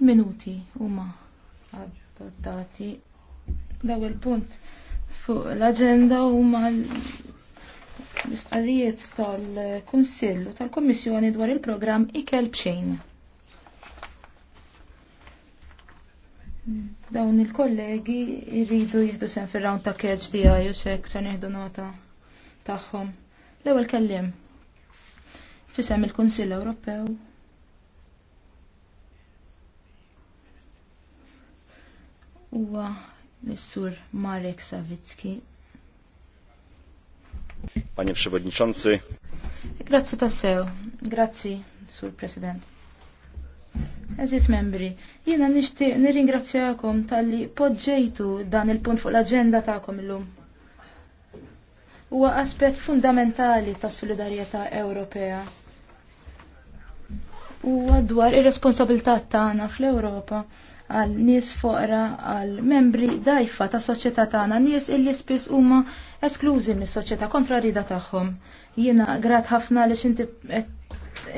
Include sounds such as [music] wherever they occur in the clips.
Minuti huma adottati. L-ewwel punt fuq l-aġenda huma l-istqarrijiet tal-Kunsill u tal-Kommissjoni dwar il-programm Ikel Bxejn. Dawn il-kollegi jridu jieħdu sen fir-round ta' catch tiegħi u xek se nieħdu nota tagħhom. L-ewwel kellim fisem il-Kunsill Ewropew huwa l-sur Marek Sawicki. Panie Przewodniczący. Grazzi tassew, grazzi, Sur President. Eżis membri, jiena nixtieq nirringrazzjakom tal-li podġejtu dan il-punt fuq l ta'kom tagħkom illum. Huwa aspett fundamentali tas-Solidarjetà Ewropea. Huwa dwar ir-responsabilità tagħna fl-Ewropa għal nies foqra, għal membri dajfa ta' soċjetà tagħna, nies illi spiss huma esklużi mis-soċjetà kontra rida tagħhom. Jiena grat ħafna li inti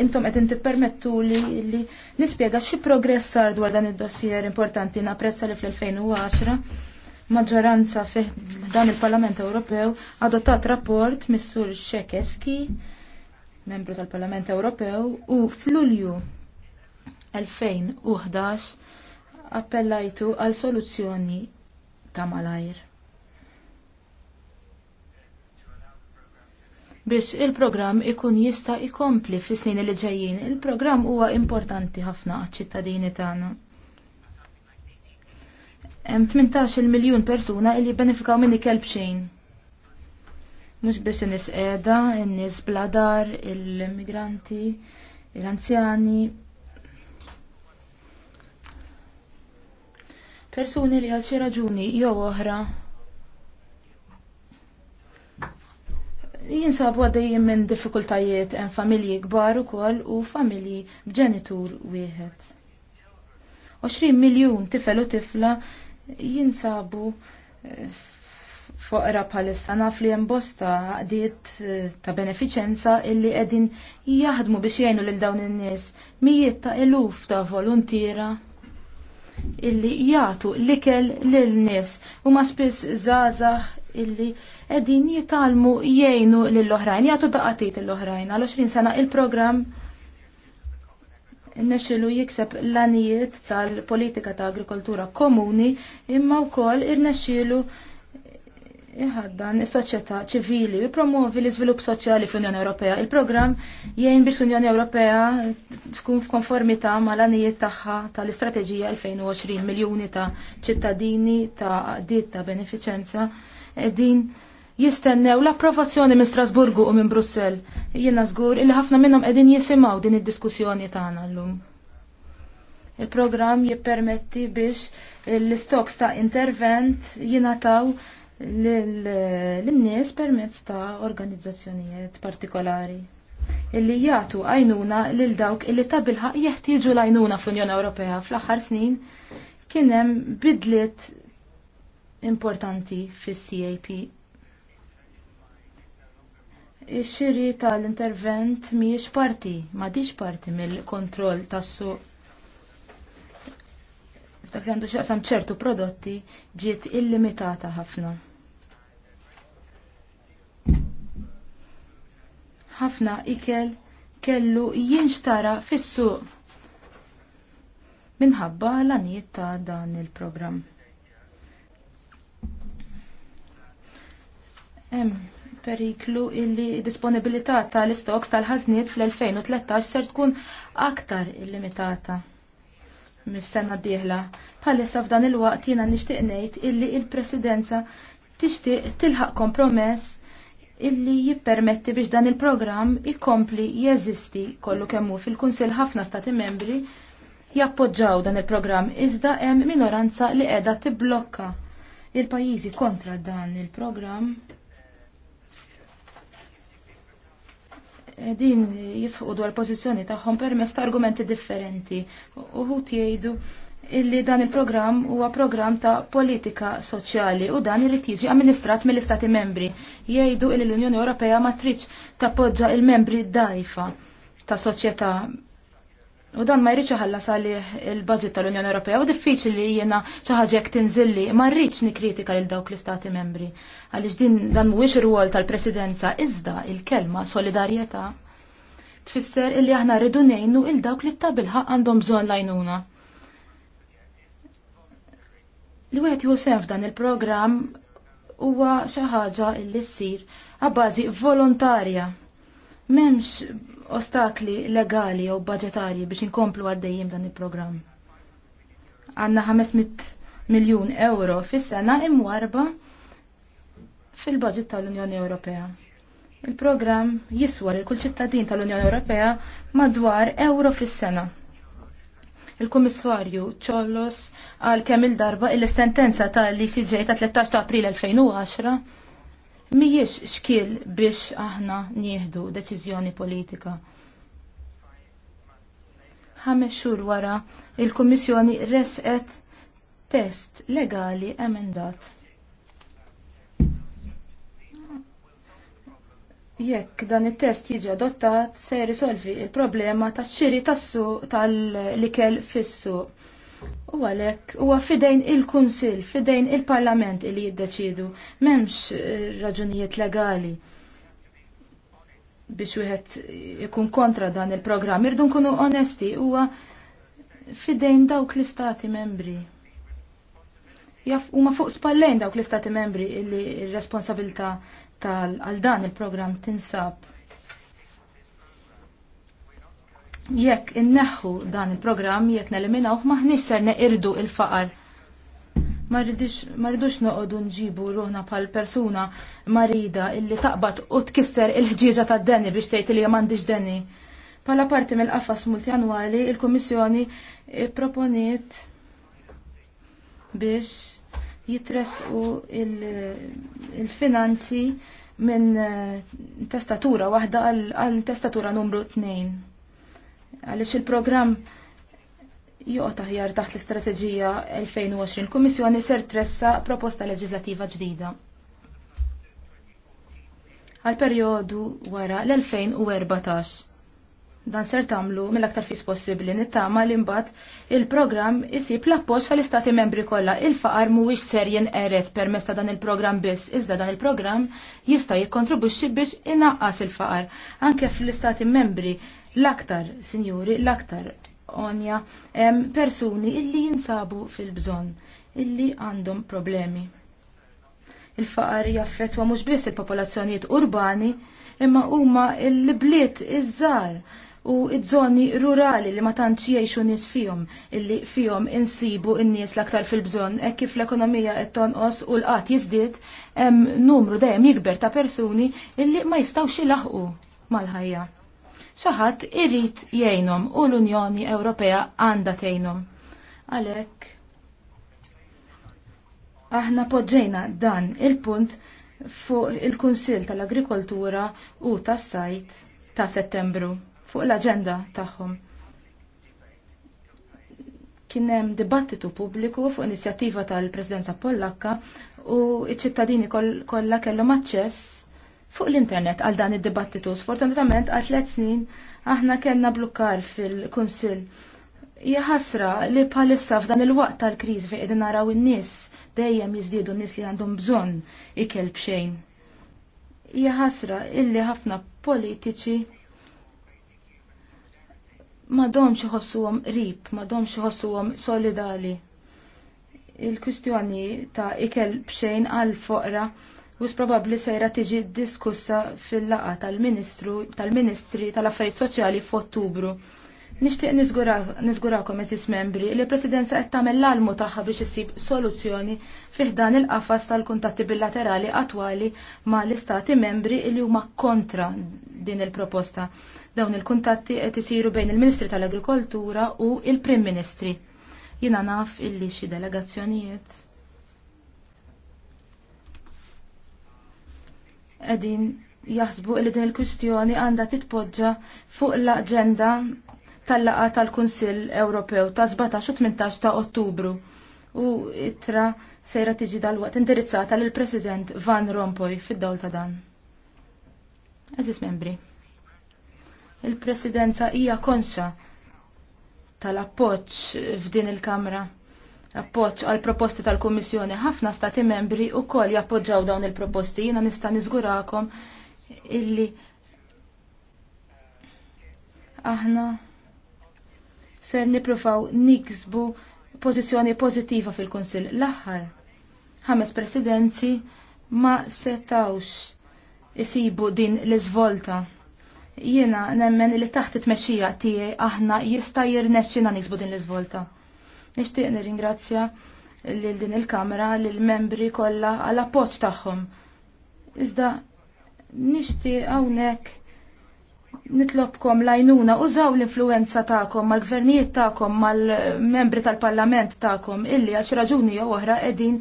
intom qed inti permettu li li nispjega xi progress sar dwar dan id-dossier importanti napprezza li fl-2010 maġġoranza fih dan il-Parlament Ewropew adottat rapport mis-sur Xekeski membru tal-Parlament Ewropew u f'Lulju 2011 appellajtu għal soluzzjoni ta' malajr. biex il-programm ikun jista' jkompli fis-snin li ġejjin. Il-programm huwa importanti ħafna għaċ-ċittadini tagħna. Hemm 18 miljun persuna li jibbenefikaw minn ikel bxejn. Mhux biss in-nies qiegħda, in-nies bladar, il-migranti, l-anzjani, il persuni li għal xi raġuni jew oħra jinsabu għaddejjin minn diffikultajiet hemm familji kbar ukoll u familji b'ġenitur wieħed. 20 miljun tifel u tifla jinsabu eh, foqra bħalissa naf li hemm bosta għaqdiet eh, ta' benefiċenza illi qegħdin jaħdmu biex jgħinu lil dawn in-nies mijiet ta' eluf ta' voluntiera illi jagħtu l-ikel lil nies u ma spiss zazax illi qegħdin jitalmu jgħinu lill-oħrajn, jgħatu daqatit l oħrajn Għal 20 sena il-programm nexilu jikseb l-anijiet tal-politika ta' agrikoltura komuni imma wkoll irnexxielu nexilu iħaddan is-soċjetà ċivili u l izvilup soċjali fl-Unjoni Ewropea. Il-programm jgħin biex l-Unjoni Ewropea tkun f'konformità mal-għanijiet tagħha tal-Istrateġija 2020 miljuni ta' ċittadini ta' qdiet ta' benefiċenza din jistennew l-approvazzjoni minn Strasburgu u minn Brussell. Jiena żgur illi ħafna minnhom qegħdin jisimgħu din id-diskussjoni tagħna llum. Il-programm jippermetti biex l-istoks ta' intervent jingħataw l-nies permezz ta' organizzazzjonijiet partikolari illi jagħtu għajnuna lil dawk illi ta' bilħaq jeħtieġu l-għajnuna fl-Unjoni Ewropea fl-aħħar snin kien hemm bidliet importanti fis-CAP. Ix-xiri tal-intervent mhijiex parti, m'għadix parti mill-kontroll tas-suq. Dak li għandu xaqsam ċertu prodotti ġiet illimitata ħafna. ħafna ikel kellu jinxtara fis-suq minħabba l-għaniet ta' dan il-programm. Hemm periklu illi disponibilità tal-istoks tal-ħażniet fl-2013 ser tkun aktar illimitata mis-sena d-dieħla. Bħalissa f'dan il-waqt jiena nixtieq ngħid illi il-Presidenza tixtieq tilħaq kompromess illi jippermetti biex dan il-programm ikompli jeżisti kollu kemmu fil-Kunsil ħafna stati membri jappoġġaw dan il-programm iżda hemm minoranza li qiegħda tibblokka il-pajjiżi kontra dan il-programm. Din jisfuqu dwar pożizzjoni tagħhom permezz ta' argumenti differenti. uħud jgħidu illi dan il program huwa programm ta' politika soċjali u dan irid jiġi amministrat mill-Istati membri. Jgħidu li l-Unjoni Ewropea ma tridx tappoġġa il-membri dajfa ta' soċjetà. U dan ma jridx iħallas għalih il-budget tal-Unjoni Ewropea u diffiċli jiena xi ħaġa jekk tinżilli ma rridx nikkritika lil dawk l-Istati membri għaliex din dan mhuwiex ir-rwol tal-Presidenza iżda il-kelma solidarjetà tfisser illi aħna rridu ngħinu il dawk li t-tabilħa għandhom bżonn lajnuna Li wieħed josef sem f'dan il-programm huwa xi ħaġa li ssir għabbażi volontarja. M'hemmx ostakli legali jew budgetarji biex inkomplu għaddejjim dan il-programm. Għandna 500 miljun euro fis-sena imwarba fil-budget tal-Unjoni Ewropea. Il-programm jiswar il-kull ċittadin tal-Unjoni Ewropea madwar euro fis-sena. Il-Kummissarju Ċollos għal kemm il-darba il sentenza tal-ICJ ta' 13 ta' April 2010 mhijiex xkil biex aħna nieħdu deċiżjoni politika. Ħames xhur wara il-Kummissjoni resqet test legali emendat. Jekk dan it-test jiġi adottat se jirrisolvi il-problema tax xiri tas-suq tal-likel fis-suq. U għalhekk huwa fidejn il-Kunsill, fidejn il-Parlament li jiddeċidu, m'hemmx eh, raġunijiet legali biex wieħed ikun kontra dan il-programm. Irdu nkunu onesti huwa fidejn dawk l-istati membri. huma fuq spallejn dawk l-istati membri li r-responsabilità għal dan il-programm tinsab jekk inneħħu dan il program jekk neliminaw maħniex ser neqirdu il-faqar. Ma rridux noqogħdu nġibu ruħna bħal persuna marida illi taqbad u tkisser il-ħġieġa tad denni biex tgħid li m'għandix denni. Pala parti mill-qafas multjanwali, il-Kummissjoni proponiet biex jitresqu il-finanzi il minn eh, testatura waħda għal testatura numru 2. Għaliex il-programm joqgħod aħjar taħt l-istrateġija 2020 il-Kummissjoni ser tressa proposta leġislativa ġdida. Għal perjodu wara l-2014. Dan ser tamlu mill-aktar fis possibbli nittama li mbagħad il-programm isib l-appoġġ tal-istati membri kollha. Il-faqar mhuwiex ser jinqeret permezz ta' dan il-programm biss, iżda dan il-programm jista' jikkontribwixxi biex inaqqas il-faqar. Anke fl-istati membri l-aktar, sinjuri, l-aktar onja hemm persuni illi jinsabu fil-bżonn, illi għandhom problemi. Il-faqar jaffetwa mhux biss il-popolazzjonijiet urbani, imma huma l-bliet iż-żgħar u id-żoni rurali li ma tantx jgħixu nies fihom illi fihom insibu n-nies l-aktar fil-bżonn hekk kif l-ekonomija qed tonqos u l-qatt jiżdied hemm numru dejjem jikber ta' persuni illi ma jistgħux ilaħqu mal-ħajja. Xaħat ħadd irid jgħinhom u l-Unjoni Ewropea għandha tgħinhom. Għalhekk aħna poġġejna dan il-punt fuq il-Kunsill tal-Agrikoltura u tas-Sajt ta' Settembru fuq l-aġenda tagħhom. Kien hemm dibattitu pubbliku fuq inizjattiva tal-Presidenza Pollakka u iċ-ċittadini kollha kellhom aċċess fuq l-internet għal dan id-dibattitu. Sfortunatament għal tliet snin aħna kellna blukkar fil-Kunsill. Hija ħasra li bħalissa f'dan il-waqt tal-kriżi fejn qegħdin naraw in-nies dejjem jiżdiedu n-nies li għandhom bżonn ikel bxejn. Hija ħasra illi ħafna politiċi ma dom iħossuhom qrib, ma dom iħossuhom solidali. Il-kwistjoni ta' ikel bxejn għal foqra u s-probabli sejra tiġi diskussa fil laqgħa tal-Ministru tal-Ministri tal-Affarijiet Soċjali f'Ottubru. Nixtieq nizgurakom eżis membri li l-Presidenza qed tagħmel l-almu tagħha biex issib soluzzjoni fih dan il-qafas tal-kuntatti bilaterali attwali ma' l-istati membri li huma kontra din il-proposta. Dawn il-kuntatti qed isiru bejn il-Ministri tal-Agrikoltura u il-Prim Ministri. Jina naf illi xi delegazzjonijiet qegħdin jaħsbu li din il-kwistjoni għandha titpoġġa fuq l-aġenda tal-laqa tal-Kunsill Ewropew ta' 17 18 ta' Ottubru u itra sejra tiġi dal-waqt indirizzata lill president Van Rompuy fid-dawl ta' dan. Eżis membri. Il-presidenza hija konxa tal-appoċ f'din il-Kamra. Appoċ għal proposti tal-Kummissjoni ħafna stati membri u kol jappoġġaw dawn il-proposti jina nista' niżgurakom illi aħna ser niprufaw niksbu pożizzjoni pożittiva fil-Kunsill. L-aħħar ħames presidenzi ma setawx isibu din l izvolta Jiena nemmen li taħt it-mexxija tiegħi aħna jista' jirnexxina niksbu din l Nishtiq Nixtieq nirringrazzja lil din il-Kamra lil membri kollha għal appoġġ tagħhom. Iżda nishtiq hawnhekk nitlobkom lajnuna, użaw l-influenza ta'kom, mal-gvernijiet ta'kom, mal-membri tal-parlament ta'kom, illi għax raġuni jew oħra edin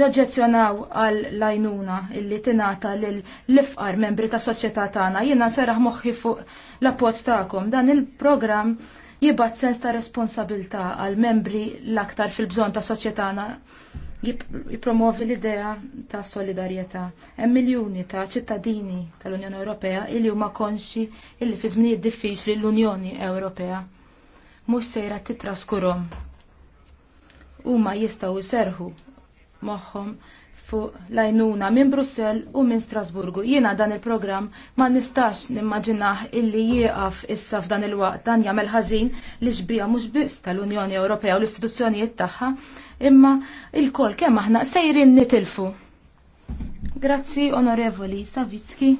joġġezzjonaw għal lajnuna illi tinata l-ifqar membri ta' soċjetà tagħna. Jiena nserraħ moħħi fuq l-appoġġ tagħkom. Dan il-programm jibgħat sens ta' responsabilità għal membri l-aktar fil-bżonn ta' soċjetana jipromovi l-idea ta' solidarjetà. Hemm miljuni ta' ċittadini tal-Unjoni Ewropea illi huma konxi illi fi żminijiet diffiċli l-Unjoni Ewropea mhux sejra titraskurhom. Huma jistgħu jserħu moħħom fuq lajnuna minn Brussel u minn Strasburgu. Jiena dan il-programm ma nistax nimmaġinaħ illi jieqaf issa f'dan il-waqt dan jagħmel ħażin li xbija mhux biss tal-Unjoni Ewropea u l-istituzzjonijiet tagħha, imma il-kol kemm aħna sejrin nitilfu. Grazzi Onorevoli Savitski.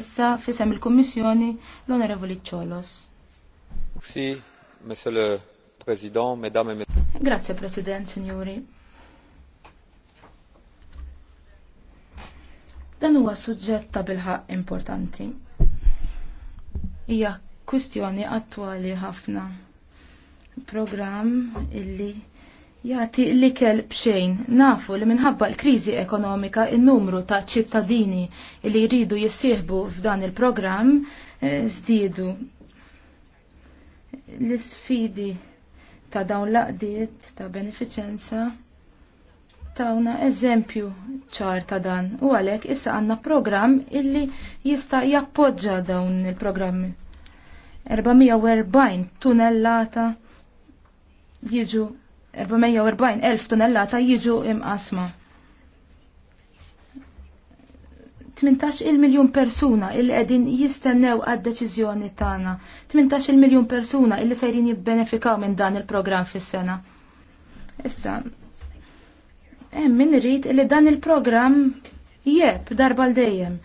Issa fisem il-Kummissjoni l-Onorevoli Ċolos. Monsieur President, Grazie President, Signori. Dan huwa suġġett ta' bilħaq importanti. Hija kwistjoni attwali ħafna. Programm illi jagħti l-ikel bxejn. Nafu li minħabba l-kriżi ekonomika in-numru ta' ċittadini li jridu jissieħbu f'dan il-programm eh, żdiedu. L-isfidi ta' dawn l-aqdiet ta' benefiċenza tawna eżempju ċar ta' dan u għalhekk issa għandna programm illi jista' jappoġġa dawn il-programmi. 440 tunellata jiġu 440.000 elf tunellata jiġu imqasma. 18 il-miljon persuna il qegħdin jistennew għad-deċiżjoni tagħna. 18 il-miljon persuna illi sejrin jibbenefikaw minn dan il-programm fis-sena. Issa, hemm min irid li dan il-programm jeb darba l dejjem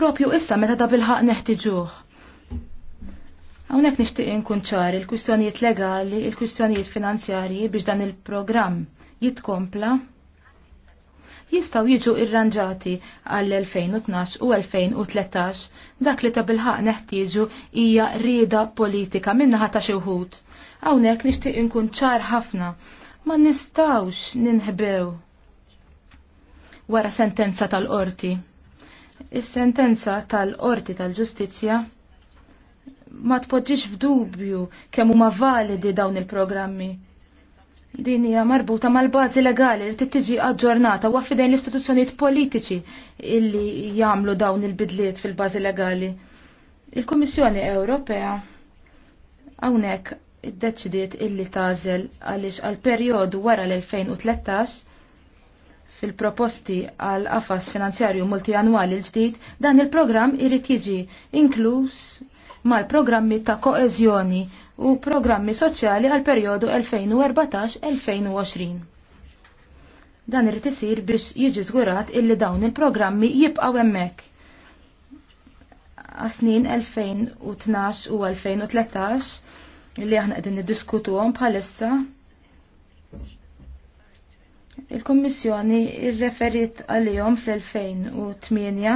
propju issa meta ta' bilħaq neħtiġuh. Hawnhekk nixtieq inkun ċar il-kwistjonijiet legali, il-kwistjonijiet finanzjarji biex dan il-programm jitkompla jistgħu jiġu irranġati għall 2012 u 2013 dak li ta' bilħaq neħtieġu hija rieda politika minnaħa ta' xi wħud. Hawnhekk nixtieq inkun ċar ħafna ma nistawx ninħbew wara sentenza tal-qorti. Is-sentenza tal-qorti tal-ġustizzja ma tpoġġix f'dubju kemm huma validi dawn il-programmi. Din hija marbuta mal-bażi legali li trid tiġi aġġornata wa dejn l-istituzzjonijiet politiċi illi jagħmlu dawn il-bidliet fil-bażi legali. Il-Kummissjoni Ewropea hawnhekk iddeċidiet illi tażel għaliex għal perjodu wara l-2013 fil-proposti għal qafas finanzjarju multijanwali l-ġdid, dan il-programm irid jiġi inkluż mal-programmi ta' koeżjoni u programmi soċjali għal perjodu 2014-2020. Dan irid isir biex jiġi żgurat illi dawn il-programmi jibqgħu hemmhekk. Għasnin 2012 u 2013 li aħna qegħdin niddiskutuhom bħalissa Il-Kommissjoni irreferit għalihom fl-2008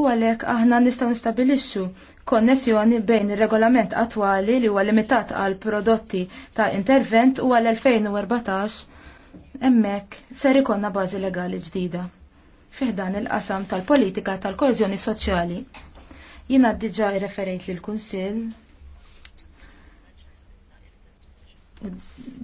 u għalhekk aħna nistgħu nistabilixxu konnessjoni bejn ir-regolament attwali li huwa limitat għal prodotti ta' intervent u għal 2014 hemmhekk ser ikonna bażi legali ġdida Fih dan il-qasam tal-politika tal koeżjoni soċjali. Jina diġa referejt lil kunsill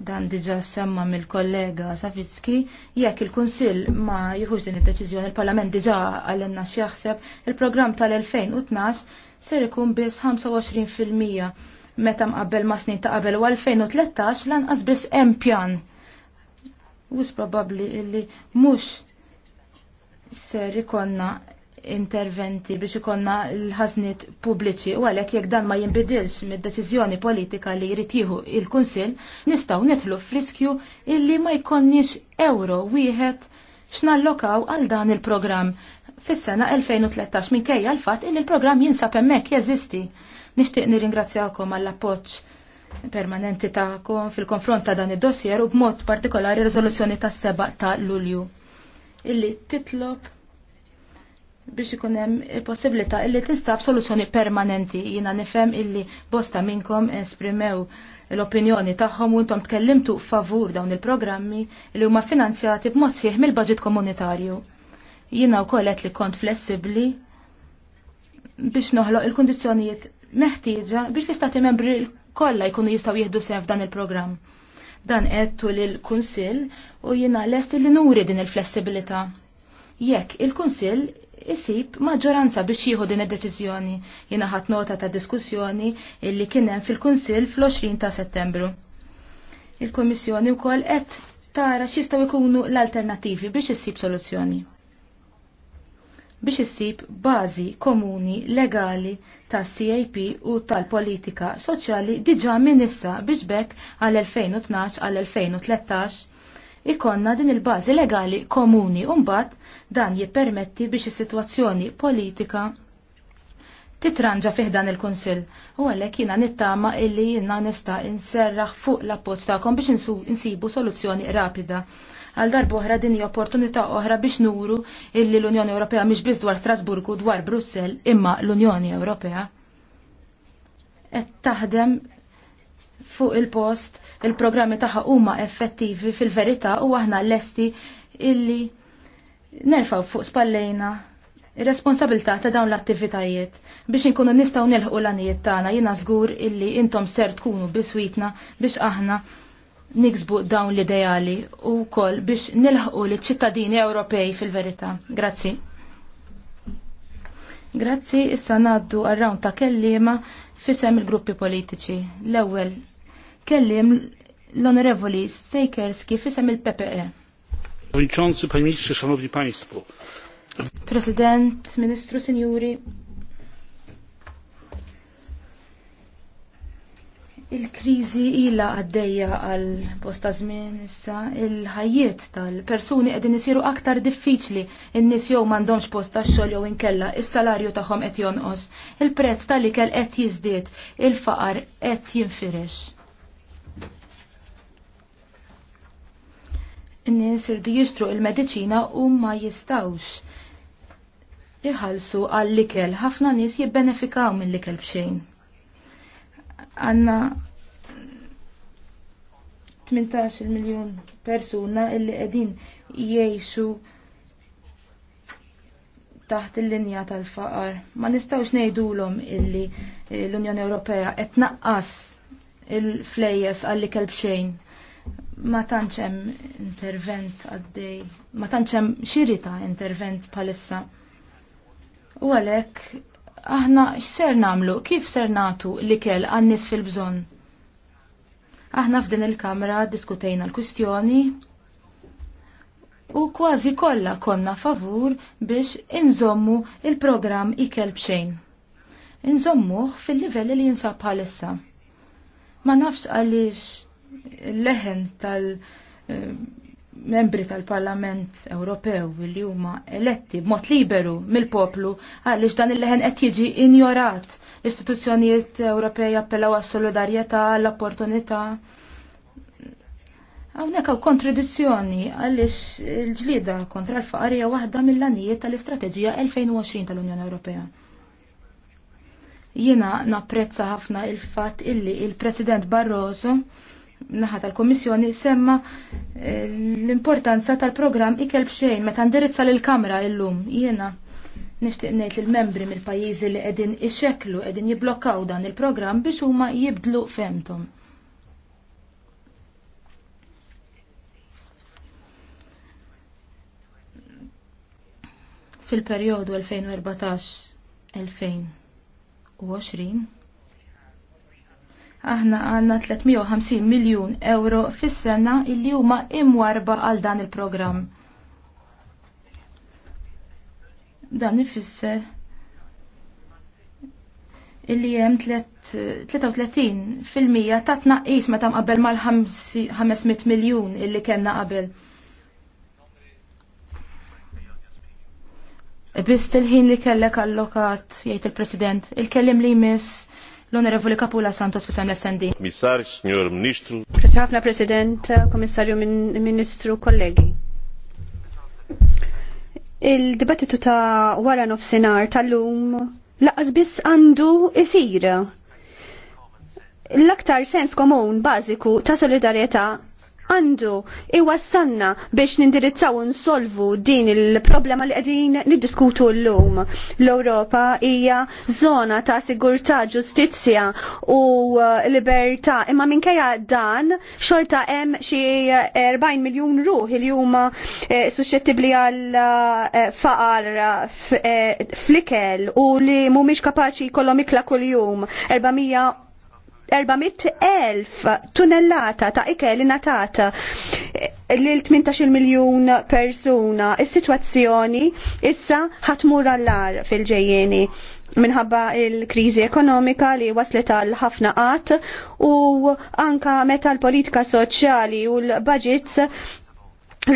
dan diġa semma mill-kollega Safitski, jekk il-Kunsill ma jieħux din id-deċiżjoni il-Parlament diġa għalenna x'jaħseb il-programm tal-2012 ser ikun biss 25% meta mqabbel ma' snin ta' qabel u 2013 lanqas biss hemm pjan. Wis probabbli illi mhux ser ikonna interventi biex ikonna l ħasnit pubbliċi u għalhekk jekk dan ma jinbidilx mid-deċiżjoni politika li jrid jieħu il-Kunsill, nistgħu nidħlu f'riskju illi ma jkonniex euro wieħed x'nallokaw għal dan il-programm fis-sena 2013 minkejja l-fatt illi l-programm jinsab hemmhekk jeżisti. Nixtieq nirringrazzjakom għall-appoġġ permanenti tagħkom fil-konfront ta' dan id-dossier u b'mod partikolari riżoluzzjoni tas-seba ta' Lulju illi titlob biex ikun hemm il-possibilità illi tinstab soluzzjoni permanenti. Jiena nifhem illi bosta minnkom esprimew l-opinjoni tagħhom u intom tkellimtu favur dawn il-programmi li huma finanzjati b'mod sħiħ mill-baġit komunitarju. Jiena wkoll qed li kont flessibbli biex noħloq il-kundizzjonijiet meħtieġa biex l-istati membri kollha jkunu jistgħu jieħdu sehem f'dan il-programm. Dan għedtu lil kunsill u jiena lest li nuri din il-flessibilità. Jekk il-Kunsill isib maġġoranza biex jieħu din id-deċiżjoni. Jiena ħadd nota ta' diskussjoni illi kien hemm fil-Kunsill fl-20 ta' Settembru. Il-Kummissjoni wkoll qed tara x'jistgħu jkunu l-alternattivi biex issib soluzzjoni. Biex issib bażi komuni legali ta' CAP u tal-politika soċjali diġà minn issa biex bekk għal 2012 għal 2013 ikonna din il-bażi legali komuni u mbagħad Dan jippermetti biex is-sitwazzjoni politika titranġa fiħdan il-Kunsill. U għalhekk jiena nittama illi jina nista' inserraħ fuq l-appoġġ tagħkom biex insibu soluzzjoni rapida għal darba oħra din hija opportunità oħra biex nuru illi l-Unjoni Ewropea mhix biss dwar Strasburgu dwar Brussell imma l-Unjoni Ewropea qed taħdem fuq il-post il-programmi tagħha huma effettivi fil-verità u aħna lesti illi nerfaw fuq spallejna ir-responsabilità ta' dawn l-attivitajiet biex inkunu nistgħu nilħu l-għanijiet tagħna jiena żgur illi intom ser tkunu biswitna biex aħna niksbu dawn l-ideali u wkoll biex nilħu l ċittadini Ewropej fil-verità. Grazzi. Grazzi, issa naddu għarrawn ta' kellima fisem il-gruppi politiċi. L-ewwel kellim l-Onorevoli Sejkerski fisem il-PPE. Przewodniczący, panie ministrze, szanowni państwo. Prezydent, ministru, seniori. Il-krizi ila għaddejja għal bosta żmien issa il-ħajjiet tal-persuni qegħdin isiru aktar diffiċli in-nies jew m'għandhomx post tax-xogħol jew inkella is-salarju tagħhom qed jonqos, il-prezz tal-ikel qed jiżdied, il-faqar qed jinfirex. n-nies irdu jistru il-mediċina u ma jistawx iħalsu għall-ikel. Ħafna nies jibbenefikaw mill-ikel bxejn. Għanna 18 miljon persuna illi qegħdin jgħixu taħt il-linja tal-faqar. Ma nistawx ngħidulhom illi l-Unjoni Ewropea qed tnaqqas il-flejjes għall-ikel bxejn ma tantx hemm intervent għaddej, ma tantx hemm intervent palissa. U għalhekk aħna x'ser nagħmlu, kif ser nagħtu l-ikel għan-nies fil-bżonn? Aħna f'din il-kamra diskutejna l-kwistjoni u kważi kollha konna favur biex inżommu il-programm ikel bxejn. Inżommuh fil-livell li jinsab bħalissa. Ma nafx għaliex leħen tal-membri eh, tal-Parlament Ewropew li huma eletti b'mod liberu mill-poplu għaliex dan il-leħen qed jiġi injorat. L-istituzzjonijiet Ewropej appellaw għas-solidarjetà, l-opportunità. Hawnhekk hawn kontradizzjoni għaliex il-ġlieda kontra l faqar hija waħda mill-għanijiet tal-Istrateġija 2020 tal-Unjoni Ewropea Jiena napprezza ħafna il fatt illi il-President Barroso naħa tal-Komissjoni semma eh, l-importanza tal-programm ikel bxejn meta ndirizza l kamra illum jiena nixtieq ngħid l membri mill-pajjiżi li qegħdin ixekklu qegħdin jibblokkaw dan il-programm biex huma jibdlu femtom. fil-perjodu 2014-2020 aħna għanna 350 miljun euro fis-sena illi huma imwarba għal dan il-programm. Dan ifisser illi hemm 33% ta' tnaqqis meta mqabel mal-500 miljun illi kellna qabel. Biss il-ħin li kellek allokat, jgħid il-President, il-kellim li jmiss l-Onorevoli Kapula Santos fisem l-SND. Komissar, Signor Ministru. Grazie President, Komissarju Ministru, kollegi. Il-dibattitu ta' wara nofsenar tal-lum laqas biss għandu isir. L-aktar sens komun bażiku ta' solidarieta' għandu iwassanna biex nindirizzaw nsolvu din il-problema li qegħdin niddiskutu llum. L-Ewropa hija zona ta' sigurtà, ġustizzja u uh, libertà, imma minkejja dan xorta hemm xi 40 miljun ruħ il huma eh, suscettibbli għal eh, faqar eh, flikel u li mhumiex kapaċi jkollhom ikla kuljum 400 400.000 tunnellata ta' ikeli natata lil 18 miljun persuna. Is-sitwazzjoni issa ħatmur għallar fil-ġejjeni minħabba il-krizi ekonomika li waslet għal ħafna qatt u anka meta l-politika soċjali u l-budgets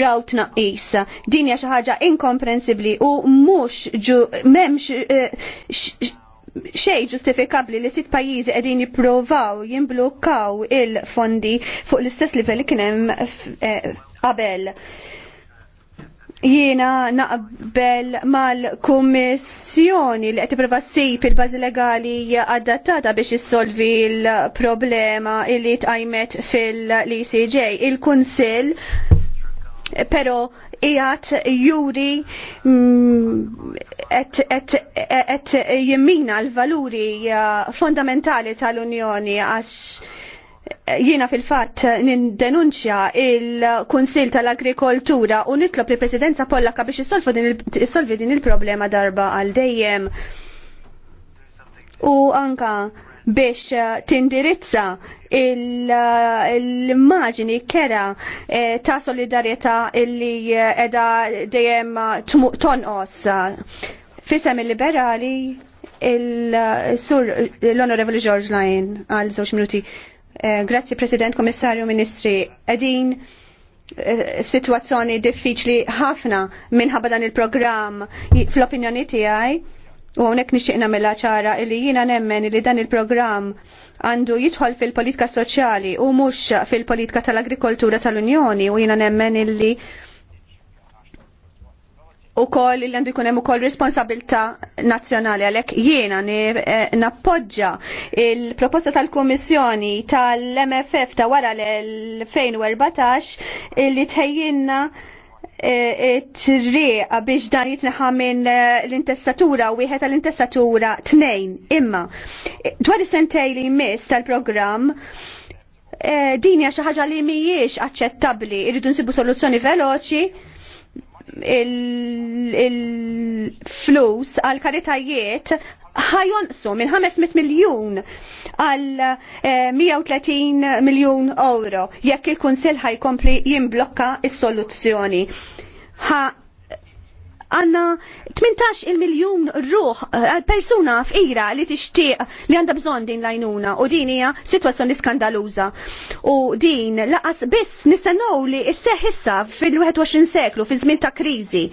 raw tnaqqis. Din hija xi ħaġa inkomprensibbli u mhux memx eh, xej ġustifikabli li sitt pajjiżi qegħdin jippruvaw jimblukkaw il-fondi fuq l-istess livell li kien hemm eh, qabel. Jiena naqbel mal-kummissjoni li qed tipprova ssib il-bażi legali adattata biex issolvi l-problema li tqajmet fil-ECJ. Il-Kunsill però qiegħed juri mm, qed jimmina l-valuri fondamentali tal-Unjoni għax jiena fil-fatt nindenunċja il-Kunsil tal-Agrikoltura u nitlob li presidenza Pollaka biex jissolvi din il-problema darba għal dejjem. U anka biex tindirizza l-immaġini kera eh, ta' solidarieta illi eh, edha dejjem tonqos Fisem il-liberali il-sur l-onorevoli George Lyon għal żewġ minuti. Eh, grazzi President, Komissarju, Ministri, edin eh, f'sitwazzjoni diffiċli ħafna minħabba dan il-programm fl-opinjoni tiegħi u hawnhekk nixtieq mill ċara li jiena nemmen li dan il-programm għandu jidħol fil-politika soċjali u mhux fil-politika tal-agrikoltura tal-Unjoni u jiena nemmen illi li u koll li għandu jkun hemm ukoll responsabilta nazzjonali għalhekk jiena eh, nappoġġa il-proposta tal-Kummissjoni tal-MFF ta' wara l-2014 li tħejjinna eh, triqa biex dan jitneħa minn eh, l-intestatura u wieħed tal-intestatura tnejn. Imma dwar is-sentej li jmiss tal-programm din hija xi ħaġa li mhijiex aċċettabbli, irridu nsibu soluzzjoni veloċi il-flus il għal karitajiet ħajonqsu minn 500 miljun għal 130 eh, miljun euro jekk il-Kunsill ħajkompli jimblokka is-soluzzjoni. Ha għanna 18 il-miljun ruħ eh, persuna f'ira li tixtieq li għandha bżonn din lajnuna u din hija sitwazzjoni skandaluża. U din laqas biss nistennew li s issa fil-21 seklu fi żmien ta' kriżi.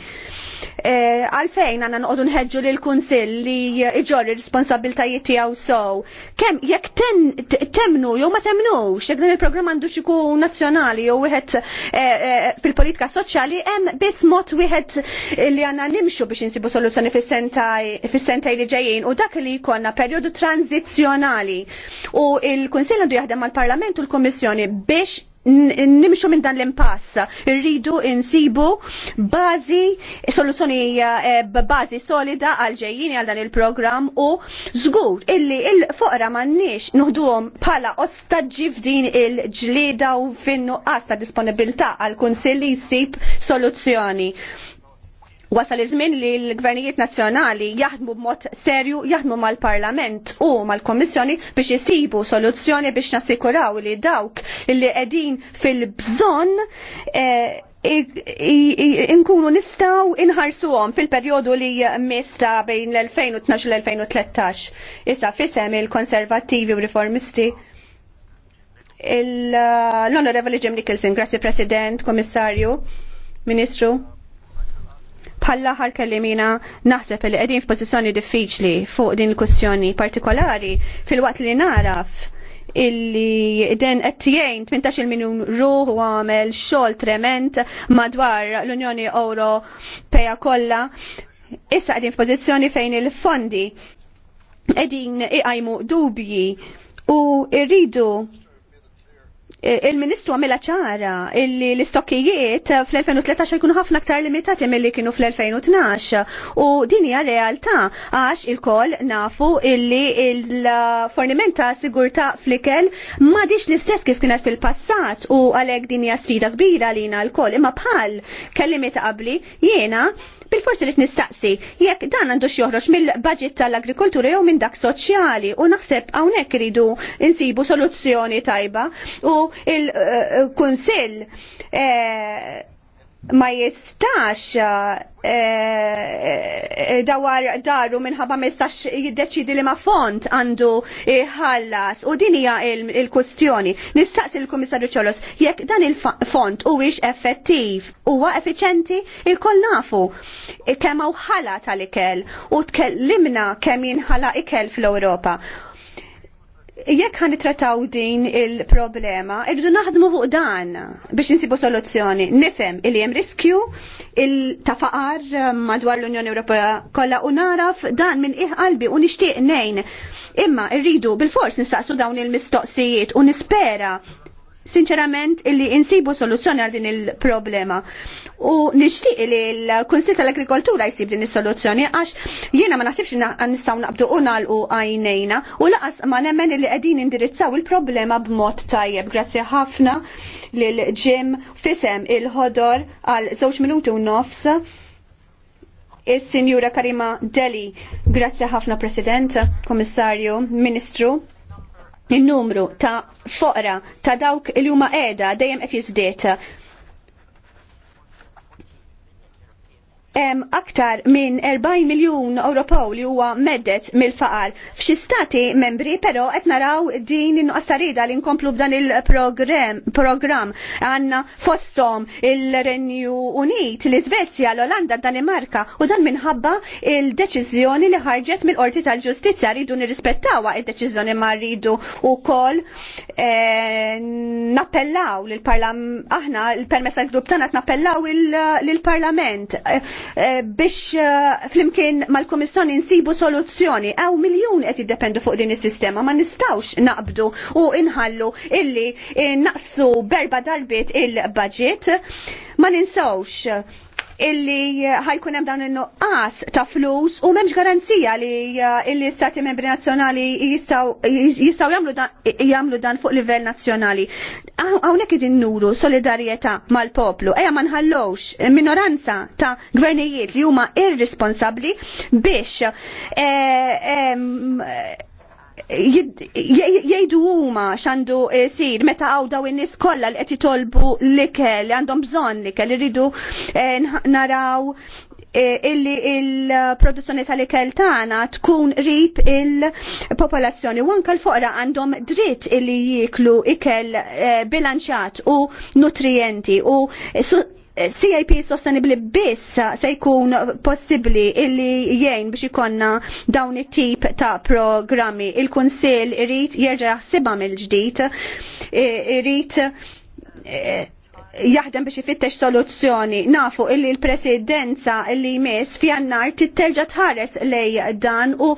Eh, għalfejn għanna nqodu nħedġu li l-Kunsill li iġorri responsabiltajiet tiegħu sow. Kemm jekk temnu jew ma temnux, jekk dan il-programm għandux xiku nazzjonali jew wieħed eh, eh, fil-politika soċjali hemm biss mod wieħed li għandna nimxu biex insibu soluzzjoni fis-sentaj li ġejjin u dak li jkollna perjodu tranzizzjonali u il-Kunsill għandu jaħdem mal-Parlament u l-Kummissjoni biex nimxu minn dan l-impass. Irridu insibu bazi, soluzjoni eh, bazi solida għal ġejjini għal dan il-program u zgur illi il-fuqra mannix nuħduhom pala ostaġġi f'din il-ġlida u finnu għasta disponibilità għal kunsilli jisib soluzzjoni wasal iż-żmien li l-gvernijiet nazzjonali jaħdmu b'mod serju jaħdmu mal-Parlament u mal-Kommissjoni biex jisibu soluzzjoni biex nassikuraw li dawk li qegħdin fil-bżonn eh, inkunu nistaw inħarsuhom fil-perjodu li mista bejn l-2012 l-2013. Issa fisem il konservattivi u riformisti l-Honorable Jim Nicholson, grazie President, Komissarju, Ministru bħalla ħar kellimina naħseb li qegħdin f'pożizzjoni diffiċli fuq din il-kwestjoni partikolari fil-waqt li naraf illi den għettijajn 18 minun ruħ u għamel xol trement madwar l-Unjoni Euro peja kolla. Issa għedin f'pozizjoni fejn il-fondi għedin iqajmu dubji u irridu il-Ministru għamela ċara illi l-istokkijiet fl-2013 jkunu ħafna aktar limitati mill-li kienu fl-2012 u din hija realtà għax il-koll nafu illi il-forniment ta' sigurta fl-ikel m'għadix l-istess kif kienet fil-passat u għalhekk din hija sfida kbira lina l-koll imma bħal kellimet qabli jiena bil-forsi li nistaqsi jekk dan għandu joħroġ mill-budget tal-agrikoltura jew minn dak soċjali u naħseb hawnhekk iridu insibu soluzzjoni tajba u il-kunsill eh, eh, eh, ma jistax eh, eh, eh, dawar daru minħabba ma jistax jiddeċidi li ma font għandu ħallas u din hija il-kustjoni. Nistaqsi il komissarju Ċolos jekk dan il-font huwiex effettiv, huwa effiċenti il-koll nafu kemm hawn ħala tal-ikel u tkellimna kemm jinħala ikel fl-Ewropa jekk ħan nitrataw din il-problema, irridu naħdmu fuq dan biex insibu soluzzjoni. Nifem il hemm riskju ta' faqar um, madwar l-Unjoni Ewropea kollha u naraf dan minn qalbi u nixtieq nejn. Imma rridu bil-fors nistaqsu dawn il-mistoqsijiet u nispera sinċerament illi insibu soluzzjoni għal din il-problema. U nixtieq li l-Kunsil tal-Agrikoltura jisib din is-soluzzjoni għax jiena ma nasibx nistgħu naqbdu u għajnejna u laqas ma nemmen li qegħdin indirizzaw il-problema b'mod tajjeb. Grazie ħafna lil Jim fisem il-ħodor għal żewġ minuti u nofs. Is-Sinjura Karima Deli, grazzi ħafna President, Komissarju, Ministru in-numru ta' foqra ta' dawk li huma qiegħda dejjem qed jiżdied Em, aktar minn 40 miljun Ewropew li huwa meddet mill-faqar. F'xi stati membri però qed naraw din in-nuqqas tarida li nkomplu b'dan il-programm għandna fosthom il-Renju Unit, l-Iżvezja, l-Olanda, Danimarka u dan minħabba il-deċiżjoni li ħarġet mill-Qorti tal-Ġustizzja rridu nirrispettawha id-deċiżjoni ma rridu wkoll eh, nappellaw lill-Parlament aħna l-permess għal grupp tagħna nappellaw lill-Parlament eh, Eh, biex eh, flimkien mal-Komissjoni nsibu soluzzjoni. Għaw miljon qed jiddependu fuq din is-sistema ma nistawx naqbdu u inħallu illi eh, naqsu berba darbiet il-budget ma ninsawx illi eh, ħajkun hemm dawn in-nuqqas ta' flus u m'hemmx garanzija li eh, illi stati membri nazzjonali jistgħu jagħmlu dan fuq livell nazzjonali. Hawnhekk qegħdin nuru solidarjetà mal-poplu. Ejja ma nħallowx minoranza ta' gvernijiet li huma irresponsabbli biex eh, jgħidu huma x'għandu eh, sir meta għaw daw in-nies kollha li qed jitolbu l-ikel li għandhom bżonn l-ikel iridu eh, naraw eh, illi il-produzzjoni tal-ikel tagħna tkun rib il-popolazzjoni. Wanka anke l-foqra għandhom dritt illi jieklu ikel bilanċat u nutrienti u CIP sostenibli biss se jkun possibli illi jgħin biex ikonna dawn it-tip ta' programmi. Il-Kunsil irrit jerġa' jaħsibha mill-ġdid, irrit eh, jaħdem biex ifittex soluzzjoni. Nafu illi l-presidenza illi jmiss fjannar titterġa tħares lej dan u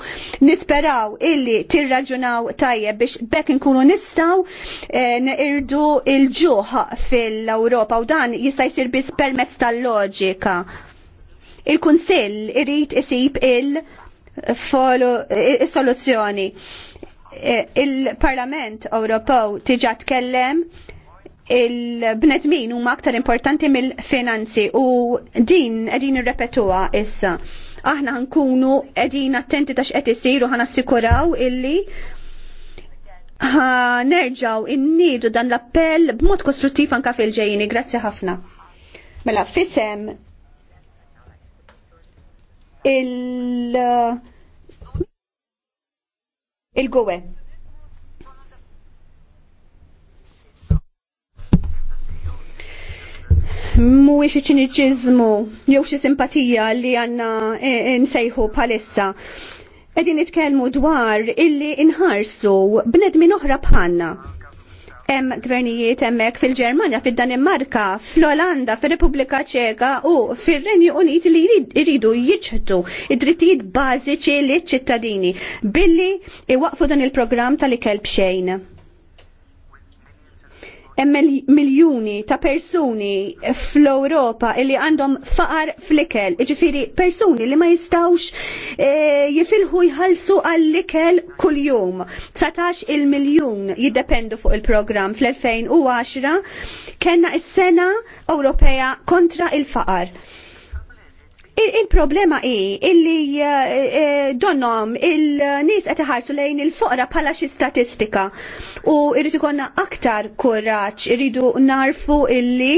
nisperaw illi tirraġunaw tajjeb biex bekk nkunu nistaw eh, nirdu il-ġuħ fil-Europa u dan jista' jsir biss permezz tal-loġika. Il-Kunsill irid isib il-soluzzjoni. Eh, eh, Il-Parlament Ewropew tiġa tkellem il-bnedmin huma aktar importanti mill-finanzi u din qegħdin irrepetuha issa. Aħna nkunu qegħdin attenti ta' x'qed isir u ħanassikuraw illi nerġaw innidu dan l-appell b'mod kostruttiv anka fil-ġejjini. Grazzi ħafna. Mela fisem il- il-gowe. mhuwiex iċ-ċiniċiżmu jew xi simpatija li għandna e, e, nsejħu bħalissa. Qegħdin nitkellmu dwar illi inħarsu bnedmin oħra bħalna. Hemm gvernijiet hemmhekk fil-Ġermanja, fid-Danimarka, fl-Olanda, fir-Repubblika Ċeka u fir-Renju Unit li jridu jiġħdu id-drittijiet bażiċi liċ-ċittadini billi iwaqfu dan il-programm tal-ikel xejn miljuni ta' persuni fl-Europa illi għandhom faqar fl-ikel, ġifiri persuni li ma jistawx e, jifilħu jħalsu għall-ikel kull-jum. 19 il-miljun jiddependu fuq il-program fl-2010 kena is-sena Ewropea kontra il-faqar. Il-problema i illi eh, eh, donnom il-nis qed iħarsu lejn il-foqra bħala xi statistika u irrid ikonna aktar kuraġġ, irridu narfu illi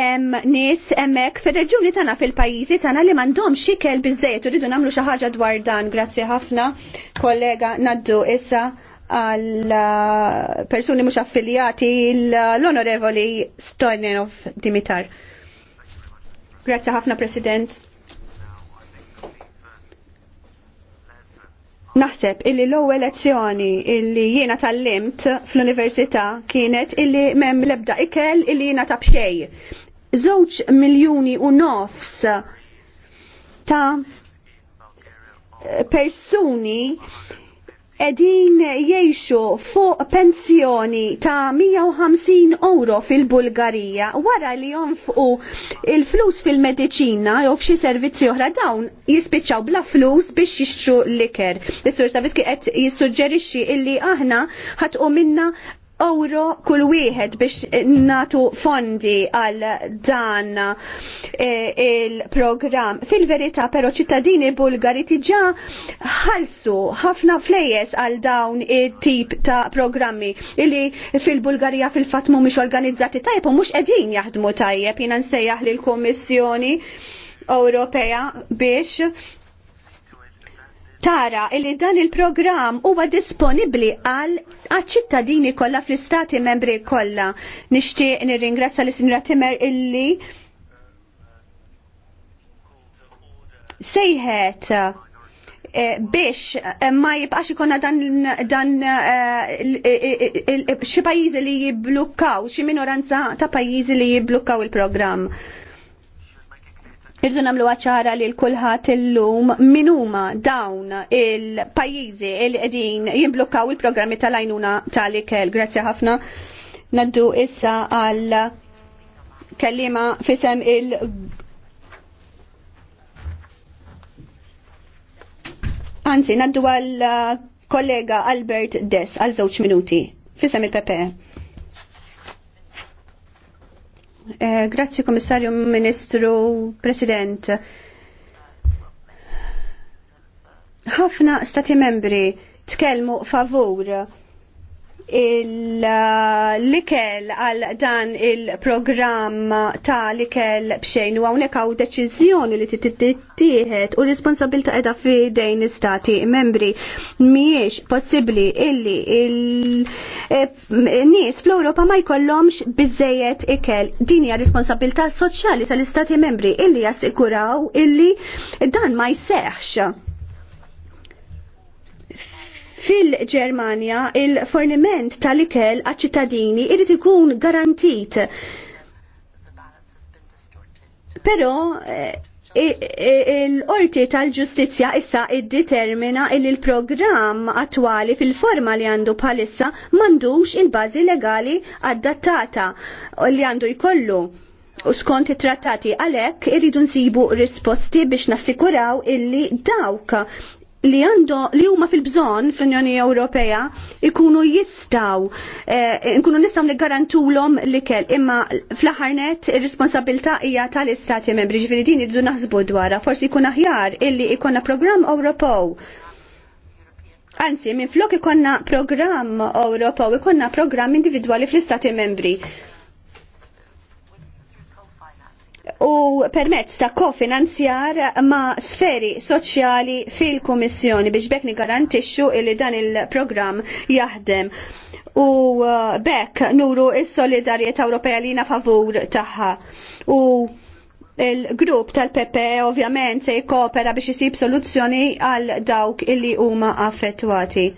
hemm nies hemmhekk fir reġuni tagħna fil-pajjiżi tagħna li m'għandhomx xikel biżejjed irridu nagħmlu xi ħaġa dwar dan. Grazzi ħafna, kollega Naddu issa għal eh, persuni mhux affiljati l-Onorevoli Stojnenov Dimitar. Grazzi ħafna President. Naħseb illi l-ewwel lezzjoni illi jiena tal-limt fl-università kienet illi m'hemm l-ebda ikel illi jiena ta' bxej. Żewġ miljuni u nofs ta' persuni edin jiexu fuq pensjoni ta' 150 euro fil-Bulgarija wara li jonfqu il-flus fil-medicina jew f'xi servizzi oħra dawn jispiċċaw bla flus biex jixtru liker. Is-sur Saviski qed jissuġġerixxi illi aħna ħatqu minna euro kull wieħed biex natu fondi għal dan e, eh, il-programm. Fil-verità però ċittadini bulgari tiġa ħalsu ħafna flejes għal dawn it-tip ta' programmi illi fil-Bulgarija fil-fatt mhumiex organizzati tajjeb u mhux qegħdin jaħdmu tajjeb jiena nsejjaħ lill-Kummissjoni Ewropea biex tara li dan il-programm huwa disponibbli għal ċittadini kollha fl-istati membri kollha. Nixtieq nirringrazzja l sinra Timmer illi sejħet eh, biex eh, ma jibqax ikonna dan, dan eh, xi pajjiżi li jibblukkaw, xi minoranza ta' pajjiżi li jibblukkaw il-programm. Irdu namlu ċara li l-kulħat l-lum minuma dawn il-pajizi il-edin jimblokkaw il-programmi tal-ajnuna tal-ikel. Grazie ħafna. Naddu issa għal kellima fisem il- Anzi, naddu għal kollega Albert Dess għal żewġ minuti. Fisem il-PPE. Eh, Grazie, Commissario, Ministro, Ministru President. Ħafna stati membri tkellmu favur il ikel għal dan il-programm ta' l-ikel bxejn u għawnek għaw deċizjoni li t-tittieħed u responsabilta edha fi dejn istati membri miex possibli illi il-nis fl-Europa ma jkollomx bizzejet ikel din hija responsabilta soċjali tal-istati membri illi jassikuraw illi dan ma jseħx Fil-Ġermanja il-forniment tal-ikel għaċ-ċittadini irrid ikun garantit. Però eh, il-qorti tal-ġustizja issa iddetermina determina il-programm attwali fil-forma li għandu palissa mandux il-bazi legali adattata li għandu jkollu u skont it-trattati għalhekk irridu nsibu risposti biex nassikuraw illi dawk li għandu li huma fil-bżonn fl-Unjoni Ewropea ikunu jistaw eh, ikunu nistaw li garantulhom l-ikel imma fl-aħħar net ir-responsabilità hija tal-istati membri ġifieri din irridu naħsbu dwara, forsi jkun aħjar illi ikonna programm Ewropew Anzi, minn flok ikonna programm Ewropew ikonna programm individwali fl-istati membri u permezz ta' kofinanzjar ma' sferi soċjali fil-Kummissjoni biex bekk nigarantixxu li dan il-programm jaħdem u uh, bekk nuru s solidarjetà Ewropea li favur tagħha. U il-grupp tal-PP e ovvjament se jkopera biex isib soluzzjoni għal dawk illi huma affettwati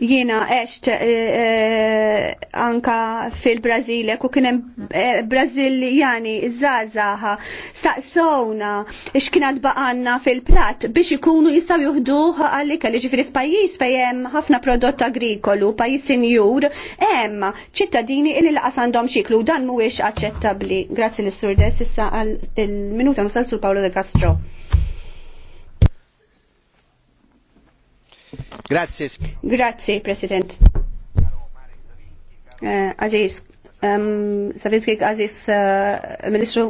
jiena eċt eh, eh, anka fil brazile u kienem eh, Braziljani zazaha staqsowna xkienat baqanna fil-plat biex ikunu jistaw juhduħ għalli kalli ġifiri f'pajis fejem ħafna prodott agrikolu, pajis senjur, emma, ċittadini illi laqas għandhom xiklu dan mhuwiex aċċettabbli. Grazzi l-Surdes, issa għal il-minuta nusal sul Paolo de Castro. Grazie. Grazie, President. Eh, Aziz Savinski għazis eh, Ministru,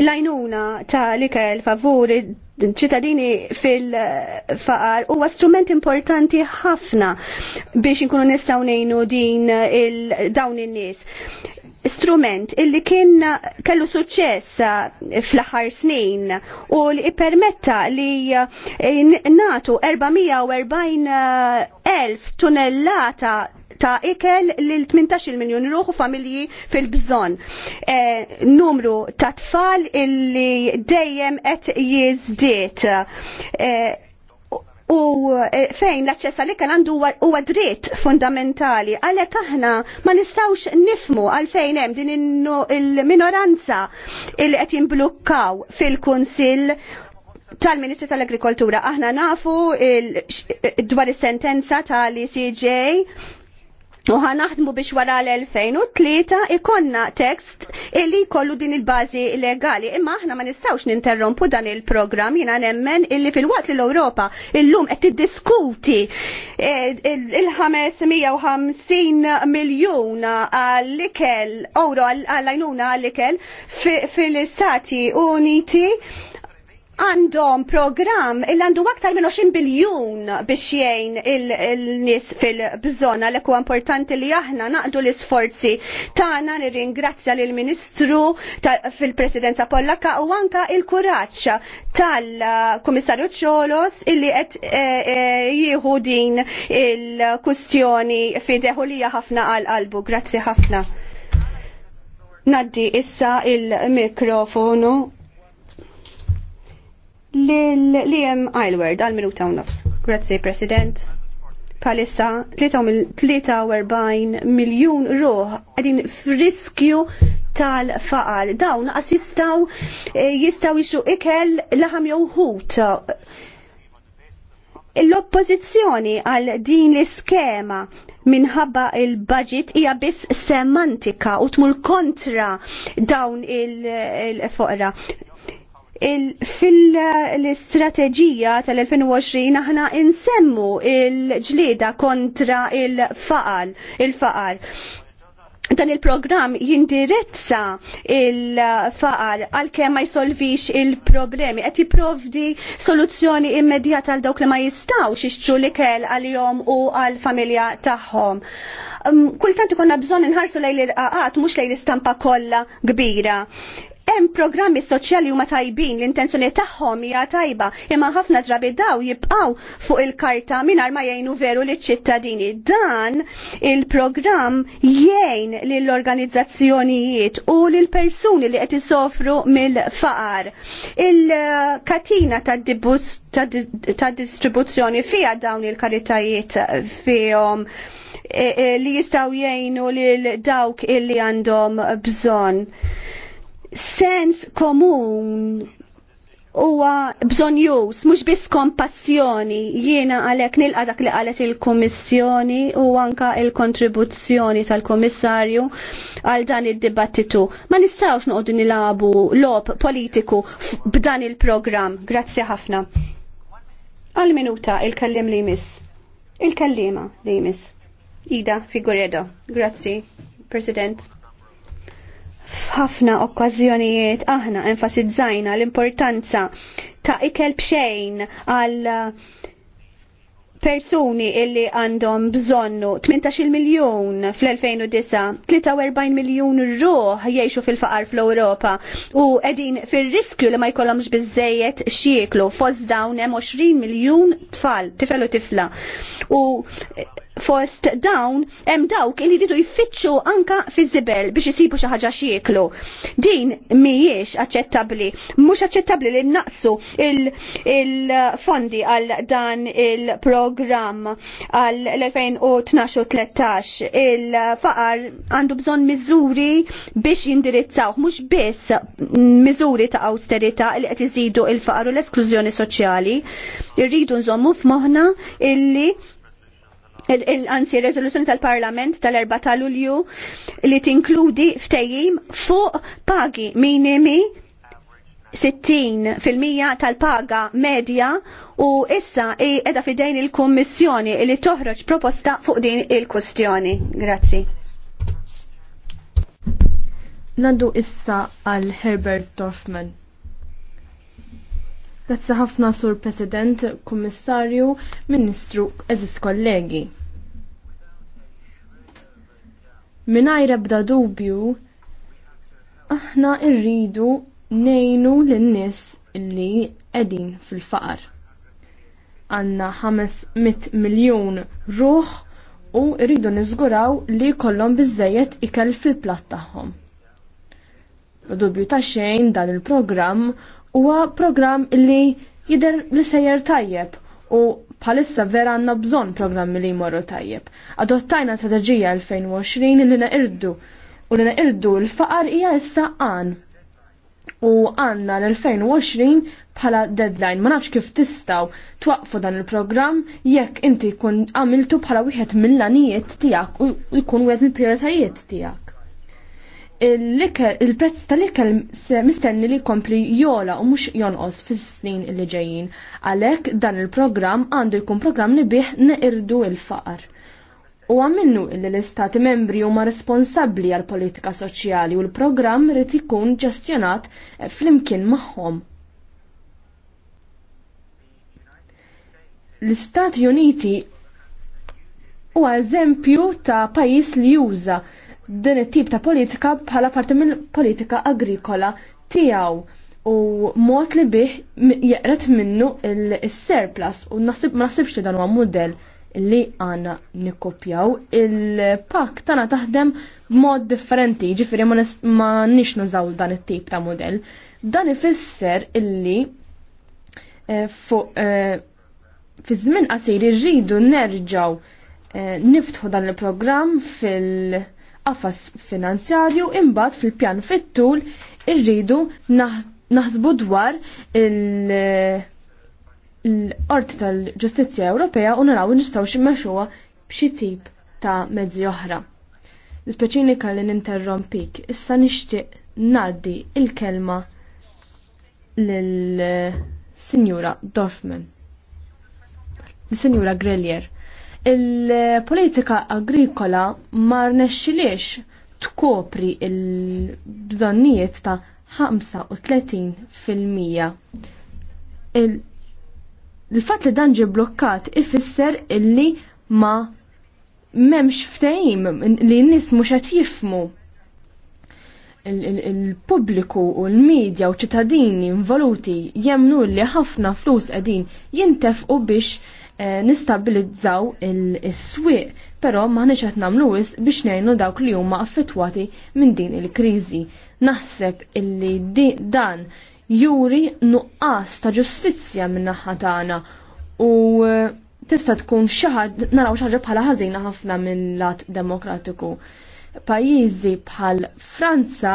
l-għajnuna ta' l-ikel favuri ċittadini fil-faqar huwa strument importanti ħafna biex inkunu nistgħu ngħinu din il-dawn in-nies strument illi kien kellu suċċess fl-aħħar snin u li permetta li natu 440.000 eh, elf ta' ikel lil 18 miljon ruħu familji fil-bżon. Eh, numru ta' tfal illi dejjem qed E, U fejn l-aċċess għal ikel għandu huwa dritt fundamentali għalhekk aħna ma nistgħux nifmu għal fejn hemm din il-minoranza il qed jimblukkaw fil-Kunsill tal-Ministri tal-Agrikoltura aħna nafu dwar is-sentenza tal-ECJ U ħanaħdmu biex wara l-2003 ikonna tekst illi kollu din il-bazi legali. Imma aħna ma nistawx ninterrompu dan il-programm jina nemmen illi fil-waqt li l-Europa illum qed tiddiskuti e, il-550 miljun għall-ikel, euro għall-għajnuna għall-ikel fil-Istati Uniti għandhom program il għandu aktar minn 20 biljun biex jgħin il-nies fil-bżona l huwa importanti li aħna naqdu l-isforzi tagħna nirringrazzja lill ministru fil-Presidenza Pollaka u anka il-kuraġġ tal-Kummissarju Ċolos illi qed eh, eh, jieħu din il-kustjoni fideħu li ħafna għal qalbu. Grazzi ħafna. Naddi issa il-mikrofonu li jem Eilward, għal minuta u nofs. Grazie, President. Palissa, 43 miljon ruħ għedin friskju tal-faqar. Dawn għas jistaw eh, jistaw jixu ikel laħam jowħut. L-oppozizjoni għal din l-iskema minħabba il-budget hija biss semantika u tmur kontra dawn il-foqra. il, il foqra fil-istrateġija tal-2020 aħna insemmu il-ġlieda kontra il-faqar. Il-faqar dan il-programm jindirezza il-faqar għal-kem ma jisolvix il-problemi, qed jipprovdi soluzzjoni immedjata għal dawk li ma jistawx ixċu li kell għal-jom u għal-familja tagħhom. Um, kultant ikonna bżonn inħarsu lejn l-irqaqat mhux lejn istampa kollha kbira. Hemm programmi soċjali huma tajbin, l-intenzjoni tagħhom hija tajba, imma ħafna drabi daw jibqgħu fuq il-karta mingħajr ma jgħinu veru liċ-ċittadini. Dan il-programm jgħin lill-organizzazzjonijiet u lill-persuni li qed isofru mill-faqar. Il-katina tad-distribuzzjoni fiha dawn il-karitajiet fihom e, e, li jistgħu jgħinu lil dawk illi għandhom bżonn sens komun huwa bżon jus, mux bis kompassjoni, jiena għalek nilqa dak li għalet il kommissjoni u anka il-kontribuzzjoni tal-Komissarju għal dan id-dibattitu. Ma nistawx noqdu nilabu lob politiku b'dan il-program. Grazzi ħafna. Għal minuta il kallim li jmiss. il kallima li jmiss. Ida Figuredo. Grazzi, President. F'ħafna okkażjonijiet aħna enfasizzajna l-importanza ta' ikel bxejn għal persuni illi għandhom bżonnu 18 miljon fl-2009, 43 miljon ruħ jiexu fil-faqar fl-Europa u edin fil-riskju li ma jkollhomx biżejjed xieklu fost dawn hemm 20 miljun tfal, tifel u tifla. U fost dawn hemm dawk li jridu jfittxu anka fiż-żibel biex isibu xi ħaġa xieklu. Din mhijiex aċċettabbli, mhux aċċettabbli li naqsu il-fondi għal dan il-programm għal 2012 13 Il-faqar għandu bżonn miżuri biex jindirizzawh mhux biss miżuri ta' austerità li qed iżidu il-faqar u l-esklużjoni soċjali. Irridu nżommu f'moħħna illi anzi rezoluzjoni tal-Parlament tal-4 ta' Lulju li tinkludi ftejim fuq pagi minimi 60% tal-paga medja u issa edha fidejn il-Kommissjoni li toħroġ proposta fuq din il-kustjoni. Grazzi. Nandu issa għal Herbert Dorfman. Grazzi ħafna sur President, Kommissarju, Ministru, eżis kollegi. Minajr ebda dubju, aħna irridu nejnu l-nis illi edin fil-faqar għanna 500 miljon ruħ u rridu niżguraw li jkollhom biżejjed ikel fil-platt tagħhom. Dubju ta' xejn dan il-programm huwa programm li jidher li sejjer tajjeb u bħalissa vera għandna bżonn programmi li jmorru tajjeb. Adottajna strategija 2020 li naqirdu u li naqirdu l-faqar hija issa għan. U għanna l-2020 bħala deadline, ma nafx kif tistaw twaqfu dan il-programm jekk inti kun għamiltu bħala wieħed mill-lanijiet tiegħek u jkun wieħed mill prioritajiet tiegħek il-prezz tal-ikel mistenni li kompli jola u mux jonqos fis snin li ġejjin. Għalek dan il-program għandu jkun program li bih neqirdu il-faqar. U għamminnu li l-istati membri huma responsabli għal politika soċjali u l-program rrit ikun ġestjonat fl-imkien magħhom. L-Istati Uniti huwa eżempju ta' pajjiż li juża din it-tip ta' politika bħala parti mill politika agrikola tiegħu u mod li bih jeqret minnu il-surplus u nasib ma nasibx li dan huwa mudell li għanna nikkopjaw il-pak tana taħdem b'mod differenti, ġifiri ma nix nużaw dan it-tip ta' model Dan ifisser illi eh, eh, fi żmien qasir irridu nerġaw eh, niftħu dan il-programm fil- qafas finanzjarju imbagħad fil-pjan fit-tul irridu naħsbu dwar l-Qorti tal-Ġustizzja Ewropea u naraw nistgħu ximmexuha b'xi tip ta' mezzi oħra. Nispeċini kalli ninterrompik, issa nixtieq naddi il-kelma lil Sinjura Dorfman. Sinjura Grelier. Il-politika agrikola ma rnexxilix tkopri il-bżonnijiet ta' 35%. Il-fatt li dan ġi blokkat ifisser illi ma memx ftehim li n-nis mux jifmu il-pubbliku u l-medja u ċittadini involuti jemnu li ħafna flus għedin jintefqu biex Eh, nistabilizzaw il-swieq, però ma qed nagħmlu wis biex ngħinu dawk li huma affettwati minn din il-kriżi. Naħseb illi dan juri nuqqas ta' ġustizzja minn naħa tagħna u eh, tista' tkun xi naraw xi ħaġa bħala ħażina ħafna minn lat demokratiku. Pajjiżi bħal Franza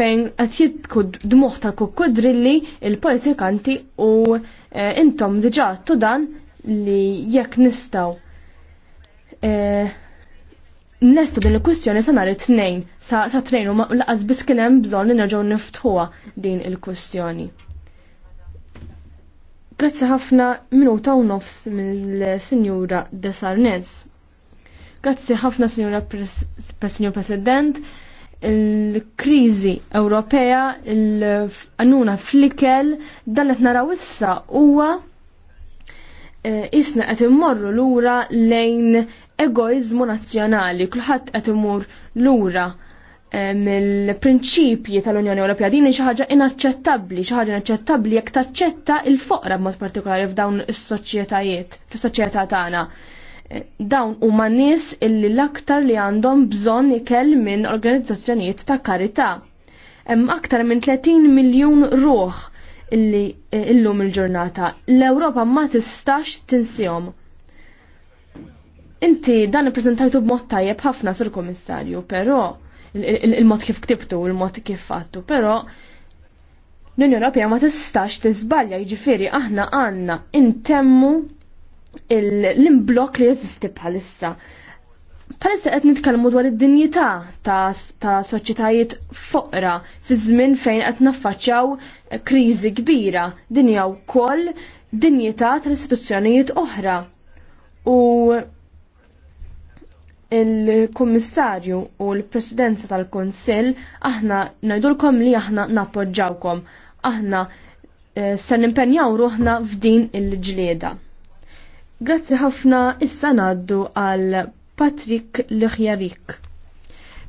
fejn qed jitku dmuħ tal kukkudrilli il-politikanti u eh, intom diġà dan li jekk nistaw eh, nestu din il kustjoni sa nhar it-tnejn sa, sa tnejn u laqas biss kien hemm bżonn li nerġgħu niftħuha din il kustjoni Grazzi ħafna minuta u nofs mill-Sinjura Desarnez. Grazzi ħafna Sinjura pres, President il-krizi Ewropea, il-għannuna flikel, dan qed naraw issa huwa Eh, isna qed immorru lura lejn egoizmu nazzjonali, kulħadd qed imur lura eh, mill-prinċipji tal-Unjoni Ewropea din xi ħaġa inaċċettabbli, xi ħaġa inaċċettabbli jekk taċċetta il-foqra b'mod partikolari f'dawn is-soċjetajiet, fis-soċjetà tagħna. Eh, dawn huma nies illi l-aktar li għandhom bżonn ikel minn organizzazzjonijiet ta' karità. Hemm aktar minn 30 miljun ruħ illi eh, illum il-ġurnata. L-Ewropa ma tistax tinsihom. Inti dan ippreżentajtu b'mod tajjeb ħafna sur komissarju, però il-mod kif ktibtu, l mod kif fattu, però l-Unjoni Ewropea ma tistax tiżbalja jiġifieri aħna għandna intemmu l-imblok li jeżisti bħalissa Palissa qed nitkellmu dwar id-dinjità ta', ta soċjetajiet foqra fi żmien fejn qed naffaċċjaw kriżi kbira, dinja wkoll dinjità tal-istituzzjonijiet oħra. U il-Kummissarju u l-Presidenza tal-Konsill aħna ngħidulkom li aħna nappoġġawkom. Aħna eh, se nimpenjaw ruħna f'din il-ġlieda. Grazzi ħafna issa ngħaddu għal Patrick Lechjarik.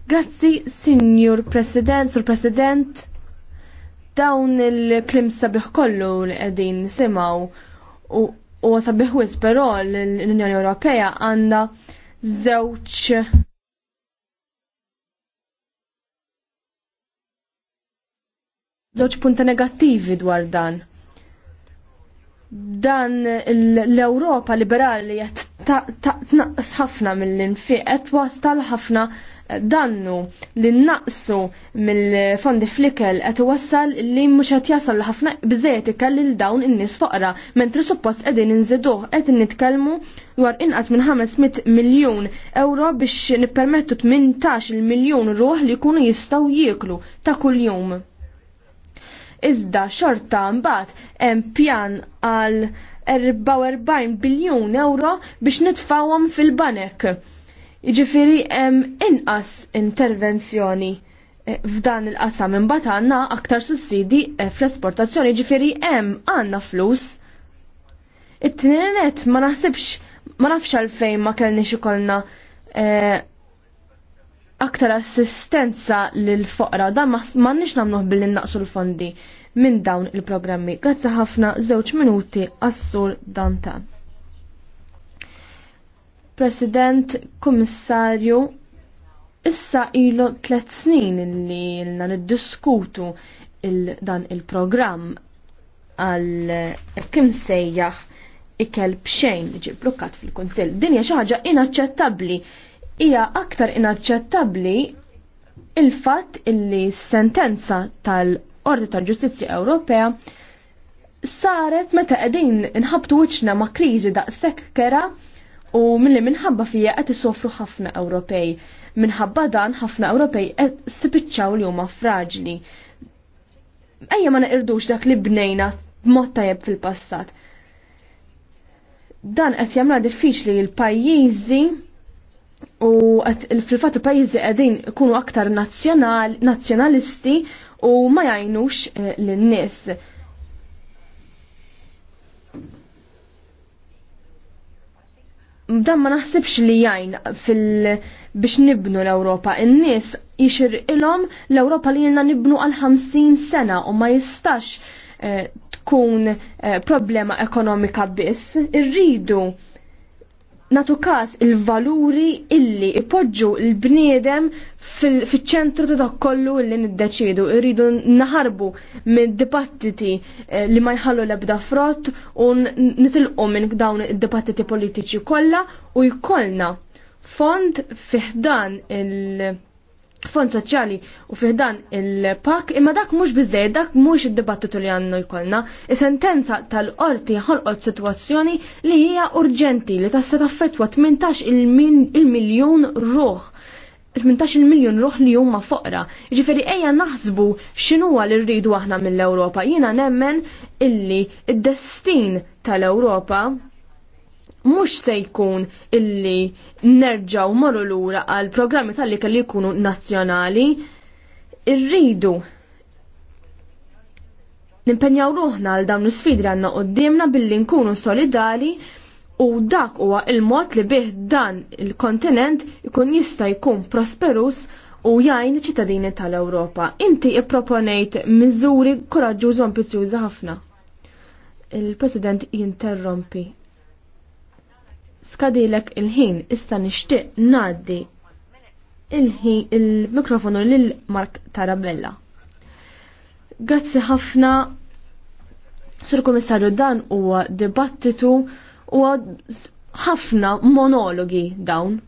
Grazzi, Signor President, Sur President, dawn il-klim sabiħ kollu li qegħdin nisimaw u, sabiħ wis però l-Unjoni Ewropea għandha żewġ żewġ punta negattivi dwar dan. Dan l-Ewropa liberali qed taqnaqs ħafna mill-infiq qed wasal ħafna eh, dannu li naqsu mill-fondi flikel qed wassal li mhux qed jasal ħafna biżejjed ikelli dawn in-nies foqra, mentri suppost qegħdin inżiduh qed nitkellmu dwar inqas minn 500 miljun euro biex nippermettu 18 miljun ruħ li jkunu jistgħu jieklu ta' kuljum. Iżda xorta mbagħad hemm pjan għal 44 biljun euro biex nitfawhom fil-banek. Jiġifieri hemm inqas intervenzjoni eh, f'dan il-qasam imbagħad għandna aktar sussidi eh, fl-esportazzjoni, jiġifieri hemm għandna flus. It-tnienet ma naħsibx ma nafx għalfejn ma kellni ikollna eh, aktar assistenza lil foqra dan ma nix namnuħ billi naqsu l-fondi minn dawn il-programmi. Grazzi ħafna żewġ minuti Assur danta. President, Komissarju, issa ilu tlet snin li jilna niddiskutu il dan il-programm għal kim sejjaħ ikel bxejn ġi blokkat fil-Kunsill. Dinja xi ħaġa Ija Hija aktar inaċċettabbli il-fatt illi sentenza tal tal-Qorti tal-Ġustizzja Ewropea saret meta qegħdin inħabtu wiċċna ma' kriżi daqshekk kera u milli minħabba fija qed isofru ħafna Ewropej. Minħabba dan ħafna Ewropej qed sipiċċaw li huma fraġli. Ejja ma neqirdux dak li bnejna b'mod tajjeb fil-passat. Dan qed jagħmlha diffiċli l-pajjiżi u fil fatt il-pajjiżi qegħdin ikunu aktar nazzjonalisti u ma jajnux eh, l-nis. dan ma naħsibx li jajn fil biex nibnu l-Ewropa. In-nies jixir ilhom l-Ewropa li jenna nibnu għal 50 sena u ma jistax eh, tkun eh, problema ekonomika biss. Irridu natu kas il-valuri illi ipoġġu l-bniedem fil-ċentru ta' dak kollu illi niddeċidu. Irridu naħarbu minn dibattiti eh, li ma jħallu l-ebda frott u nitilqu minn dawn id-dibattiti politiċi kollha u jkollna fond fiħdan il- fond soċjali u fiħdan il-pak imma dak mhux biżejjed dak mhux id-dibattitu li għandna jkollna. Is-sentenza tal-qorti ħolqot sitwazzjoni li hija urġenti li tassa taffettwa 18 il miljon ruħ. 18 miljon ruħ li huma foqra. Ġifieri ejja naħsbu x'inhuwa li rridu aħna mill-Ewropa. Jiena nemmen illi id-destin tal-Ewropa mhux se jkun illi nerġaw morru lura għal programmi tal-li kelli jkunu nazzjonali irridu nimpenjaw ruħna għal dawn l-sfidi għanna qoddimna billi nkunu solidali u dak huwa il-mod li bih dan il-kontinent ikun jista' jkun prosperus u jajn ċittadini tal-Ewropa. Inti ipproponejt miżuri koraġġużi u ambizjużi ħafna. Il-President jinterrompi skadilek il-ħin, issa nixtieq ngħaddi il-mikrofonu lil Mark Tarabella. Grazzi ħafna Sur Komissarju dan huwa dibattitu u ħafna monologi dawn.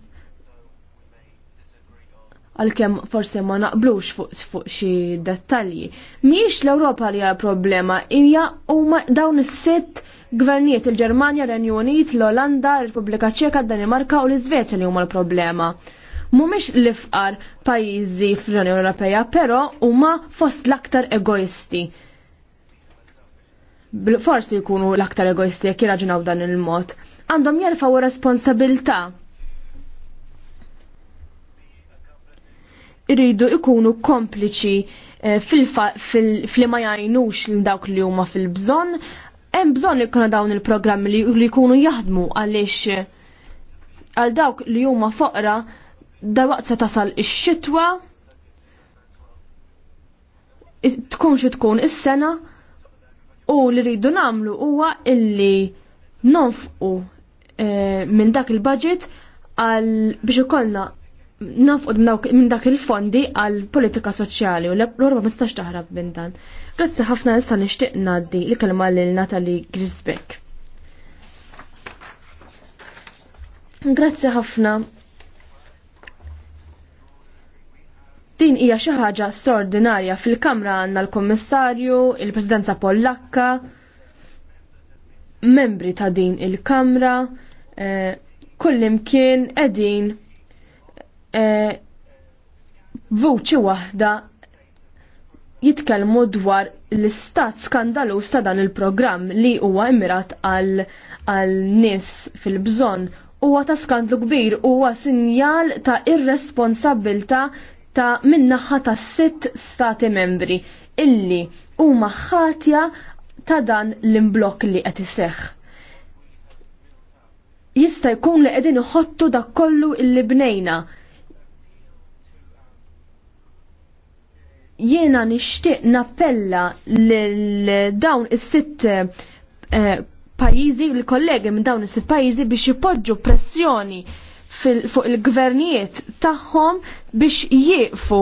Għalkemm forse ma naqblux fuq fu xi dettalji. Mhijiex l-Ewropa li hija problema, hija huma dawn is-sitt Gvernijiet il-Ġermanja, Renju Unit, l-Olanda, Repubblika Ċeka, Danimarka u l-Iżvezja li huma l-problema. Mumiex l-ifqar pajjiżi fl-Unjoni Ewropea, però huma fost l-aktar egoisti. Forsi jkunu l-aktar egoisti jekk jiraġunaw dan il-mod. Għandhom jerfaw responsabilta. Iridu ikunu kompliċi eh, fil-ma jajnux l-dawk li huma fil-bżon, hemm bżonn li jkunu dawn il-programmi li jkunu jaħdmu għaliex għal dawk li huma foqra waqt se tasal ix-xitwa tkun xi tkun is-sena u li rridu nagħmlu huwa illi nonfqu eh, minn dak il-budget għal biex ikollna nafqod minn dak il-fondi għal politika soċjali u l orba mistax taħrab minn dan. Grazzi ħafna nista' nixtieq ngħaddi li kelma lil Natalie Grisbeck. Grazzi ħafna. Din hija xi ħaġa straordinarja fil-Kamra għandna l-Kommissarju, il-Presidenza Pollakka, membri ta' din il-Kamra, eh, kullimkien qegħdin Eh, vuċi waħda jitkellmu dwar l-istat skandalu ta' dan il-programm li huwa immirat għal nies fil-bżonn huwa ta' skandlu kbir huwa sinjal ta' irresponsabilta ta' minnaħħa ta' sitt stati membri illi huma ħatja ta' dan l-imblok li qed iseħħ. Jista' jkun li qegħdin iħottu dak kollu illi bnejna jiena nixtieq nappella lil dawn is-sitt eh, pajjiżi l-kollegi minn dawn is-sitt pajjiżi biex jipoġġu pressjoni fuq il-gvernijiet tagħhom biex jieqfu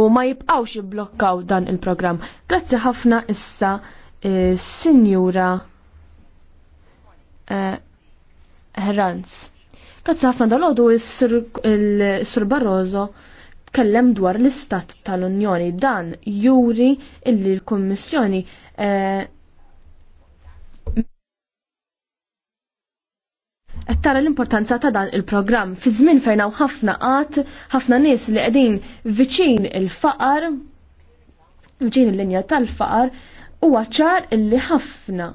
u ma jibqawx jibblokkaw dan il-programm. Grazzi ħafna issa eh, sinjura eh, Herranz. Grazzi ħafna dal-għodu il-Sur Barroso tkellem dwar l-istat tal-Unjoni dan juri illi l-Kummissjoni eh, qed tara l-importanza ta' dan il-programm fi żmien fejn hawn ħafna qatt, ħafna nies li qegħdin viċin il-faqar, viċin il-linja tal-faqar, huwa ċar illi ħafna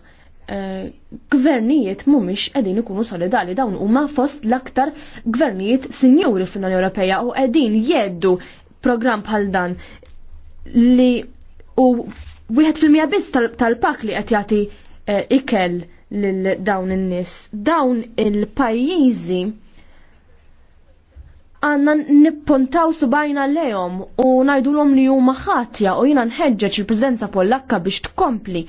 gvernijiet mumiex qegħdin ikunu solidali dawn huma fost l-aktar gvernijiet sinjuri fl-Unjoni Ewropea u qegħdin jeddu programm bħal dan li u wieħed fil-mija biss tal-pak li qed jagħti eh, ikel lil dawn in-nies. Dawn il-pajjiżi għanna nippuntaw subajna lejhom u ngħidulhom li huma ħatja u jiena nħeġġeġ il-preżenza Pollakka biex tkompli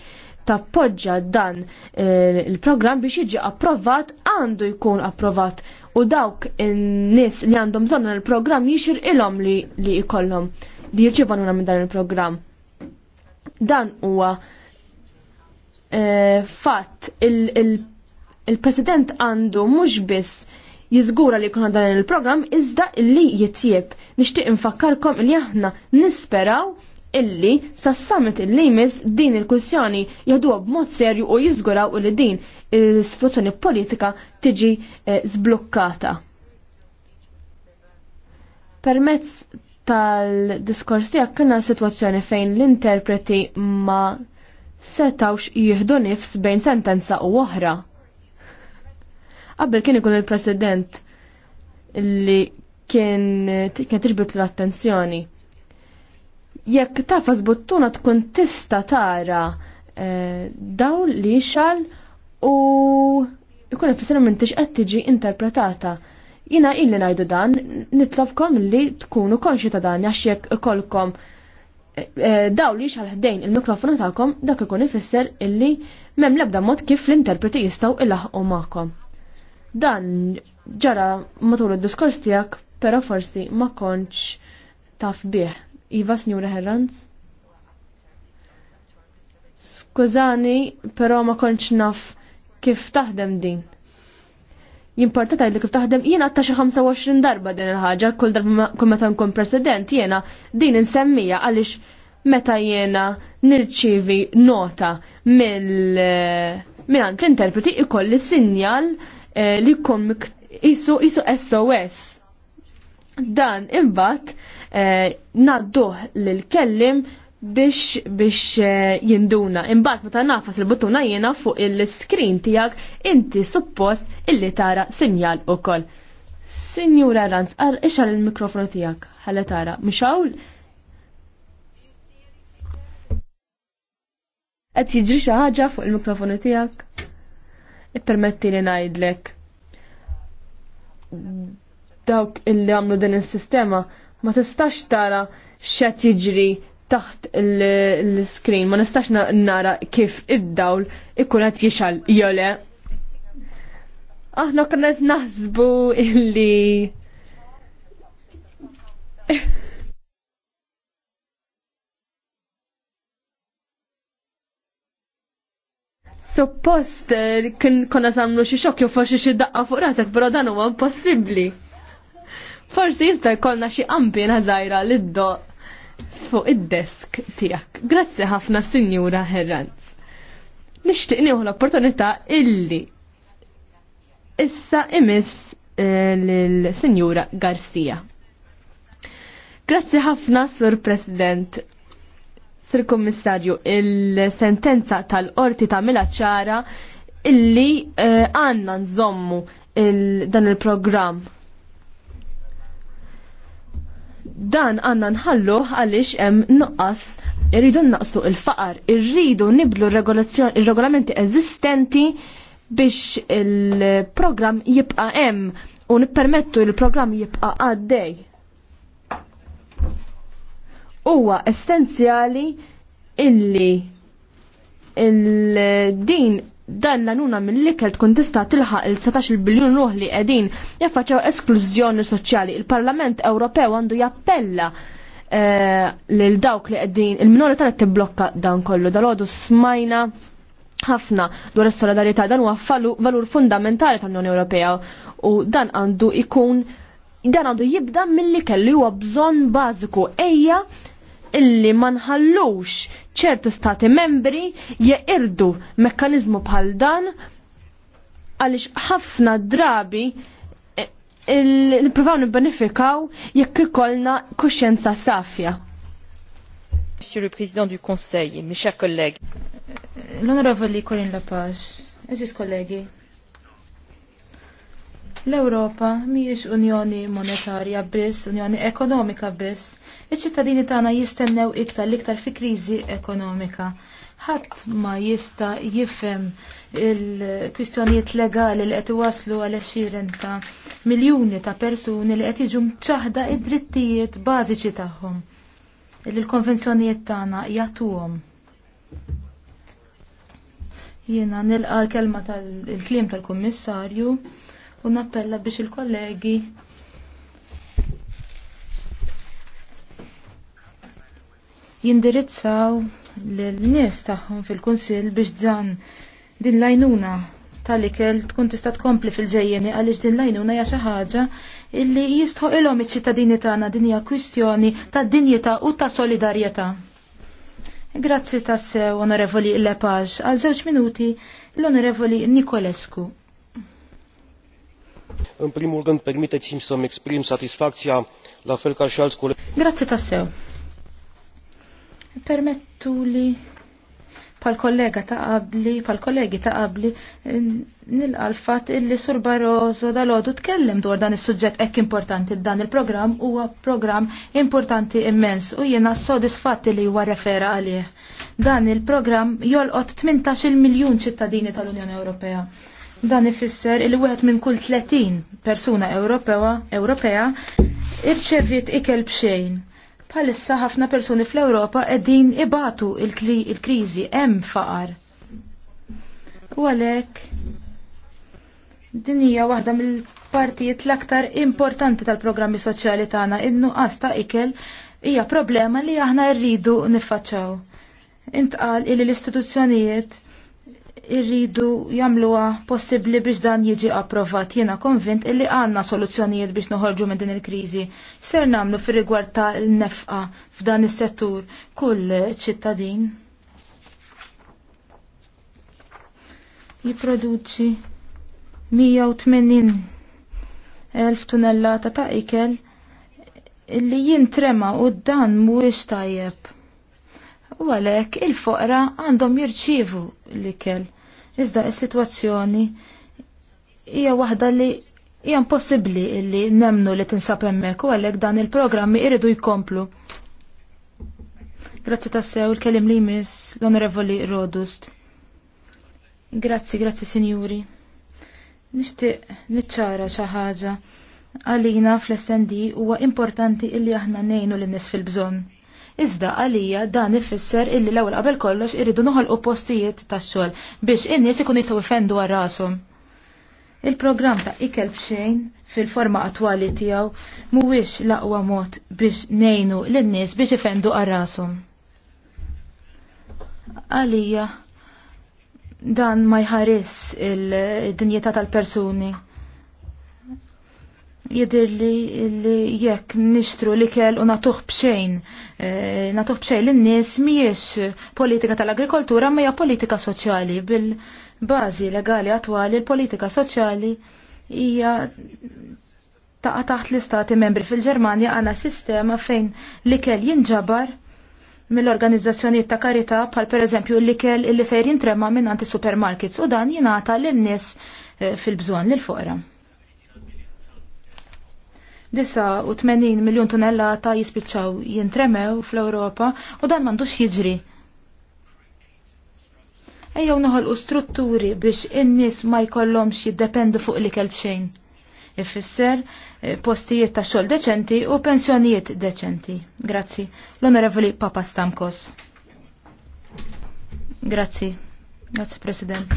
tappoġġa dan eh, il-programm biex jiġi approvat għandu jkun approvat u dawk in-nies li għandhom bżonn il-programm jixir ilhom li li jkollhom li jirċivanuna minn dan il-programm. Dan huwa eh, fatt il-President għandu mhux biss jizgura li jkun dan il-programm iżda li jitjieb. Nixtieq infakkarkom li aħna nisperaw illi sa summit illi jmiss din il kussjoni jahduha b'mod serju u jiżguraw li din is-sitwazzjoni politika tiġi eh, zblokkata. Permezz tal-diskors tiegħek kienna fejn l-interpreti ma setawx jieħdu nifs bejn sentenza u oħra. Qabel kien ikun il-president li kien kien tiġbit l-attenzjoni jekk tafas buttuna tkun tista tara eh, daw li xal u ikun ifisser minn tix qed tiġi interpretata. Jina illi najdu dan, nitlobkom li tkunu konxi ta' dan għax jekk ikolkom eh, eh, daw li xal ħdejn il-mikrofonu tagħkom dak ikun ifisser illi mem l-ebda mod kif l-interpreti jistgħu u ma'kom. Dan ġara matul id-diskors tiegħek, però forsi ma kontx taf bih. Iva, Signora Herranz. Skużani, però ma konċ naf kif taħdem din. Jimporta li kif taħdem jiena ta' xi 25 darba din il-ħaġa, kull darba kull meta nkun president jiena din insemmija għaliex meta jiena nirċivi nota mill minn għand l-interpreti ikolli sinjal eh, li kum isu isu SOS. Dan imbagħad Eh, nadduh l-kellim biex biex eh, jinduna. Imbagħad meta nafas il-buttuna jiena fuq il-screen tiegħek inti suppost illi tara sinjal ukoll. Sinjura Ranz, għal ixar il-mikrofonu tiegħek ħalla tara. Mhux hawn qed jiġri xi ħaġa fuq il-mikrofonu tiegħek. Ippermetti li ngħidlek dawk illi għamlu din is-sistema ma tistax tara x'qed jiġri taħt l-screen, ma nistax nara kif id-dawl ikun qed jixal jole. Aħna konna qed naħsbu illi [laughs] Suppost eh, kien konna samlu xi xokk jew forsi xi daqqa fuq rasek, però dan huwa impossibbli. Forsi jista' jkollna xi qampina żgħira li ddoq fuq id-desk tiegħek. Grazzi ħafna Sinjura Herranz. Nixtieq nieħu l-opportunità illi issa imiss eh, lil sinjura Garcia. Grazzi ħafna Sur President Sir Kommissarju, il-sentenza tal-qorti ta' mela ċara illi eh, għanna nżommu dan il-programm Dan għanna nħalluh għaliex hemm nuqqas irridu naqsu il-faqar, irridu niblu il-regolamenti eżistenti biex il-programm jibqa' hemm u nippermettu il-programm jibqa' għaddej. Huwa essenzjali illi il-din dan l anuna mill likel tkun tista' tilħaq il 17 biljun ruħ li qegħdin jaffaċaw esklużjoni soċjali. Il-Parlament Ewropew għandu jappella eh, lil dawk li qegħdin il-minorità li tibblokka dan kollu. Dal-għodu smajna ħafna dwar is solidarietà dan huwa valur fundamentali tal-Unjoni Ewropea u dan għandu ikun dan għandu jibda mill-ikel li huwa bżonn bażiku ejja illi ma nħallux ċertu stati membri jeqirdu mekkanizmu bħal dan għaliex ħafna drabi e, nipruvaw nibbenifikaw jekk ikollna kuxjenza safja. Monsieur le Président du Conseil, mes chers collègues. L'honorable Corinne Lapage, eżis kollegi. L-Europa mhijiex unjoni monetarja biss, unjoni ekonomika biss Iċ-ċittadini tagħna jistennew iktar l-iktar fi kriżi ekonomika. Ħadd ma jista' jifhem il-kwistjonijiet legali li qed iwaslu għal xiren ta' miljuni ta' persuni li qed jiġu mċaħda id-drittijiet bażiċi tagħhom. Il-konvenzjonijiet tagħna jagħtuhom jiena nilqa l-kelma tal kliem tal-kummissarju u nappella biex il-kollegi jindirizzaw l-nies tagħhom fil-kunsill biex dan din lajnuna tal-ikel tkun tista' tkompli fil-ġejjeni għaliex din lajnuna hija xi ħaġa illi jistħoq ilhom iċ-ċittadini tagħna din hija kwistjoni ta' dinjità u ta' solidarjetà. Grazzi tassew, onorevoli Lepage. Għal żewġ minuti, l-onorevoli Nikolescu. In primul rând, permiteți-mi să-mi exprim satisfacția, la fel ca și alți colegi. Grazie tassew. Permettu li pal-kollega ta' qabli, pal-kollegi ta' qabli, nil l-fat illi Sur Barroso dal-ħodu tkellem dwar dan il-sujġet ek importanti dan il-program huwa program importanti immens u jiena sodisfatti li huwa refera għalih. Dan il-program jolqot 18 miljun ċittadini tal-Unjoni Ewropea. Dan ifisser il wieħed minn kull 30 persuna Ewropea Ewropea irċevjet ikel bxejn Bħalissa ħafna persuni fl-Ewropa qegħdin ibatu il-kriżi hemm faqar. U għalhekk din hija waħda mill-partijiet l-aktar importanti tal-programmi soċjali tagħna in-nuqqas ta' ikel hija problema li aħna rridu niffaċċaw. Intqal il l-istituzzjonijiet irridu jagħmluha possibbli biex dan jiġi approvat. Jiena konvint illi għandna soluzzjonijiet biex noħorġu minn din il-kriżi. Ser nagħmlu fir-rigward ta' nefqa f'dan is-settur kull ċittadin. Jipproduċi 180.000 elf tunellata ta' ikel illi jintrema u dan mhuwiex tajjeb u għalek il-foqra għandhom jirċivu l-ikel. Iżda is-sitwazzjoni hija waħda li hija impossibbli li nemnu li tinsab hemmhekk u għalhekk dan il-programmi iridu jkomplu. Grazzi tassew il-kelim li jmiss l-Onorevoli Rodust. Grazzi, grazzi sinjuri. Nixtieq niċċara xi ħaġa għalina fl-SND huwa importanti illi aħna nejnu l-nies fil-bżonn Iżda għalija dan ifisser illi l-ewwel qabel kollox irridu noħolqu postijiet tax-xogħol biex in-nies ikun jistgħu jfendu għal rashom. Il-programm ta' ikel bxejn fil-forma attwali tiegħu mhuwiex l-aqwa mod biex ngħinu lin-nies biex ifendu għal rashom. Għalija dan ma jħares il dinjità tal-persuni jidir li jekk nixtru li kell u natuħ bxejn, eh, natuħ bxejn l-nis miex politika tal-agrikoltura ma politika soċjali bil-bażi legali attwali l-politika soċjali hija taqa' taħt l-istati membri fil-Ġermanja għandna sistema fejn li kell jinġabar mill-organizzazzjonijiet ta' karità bħal pereżempju li kell illi sejr jintrema minn anti supermarkets u dan jingħata lin-nies eh, fil-bżonn lil fuqra. 89 miljon tonnellata jispiċċaw jintremew fl-Ewropa u dan m'għandux jiġri. Ejjew u strutturi biex in-nies ma jkollhomx jiddependu fuq li kelbxejn. Ifisser eh, postijiet ta' xogħol deċenti u pensjonijiet deċenti. Grazzi. L-Onorevoli Papa Stamkos. Grazzi. Grazzi President.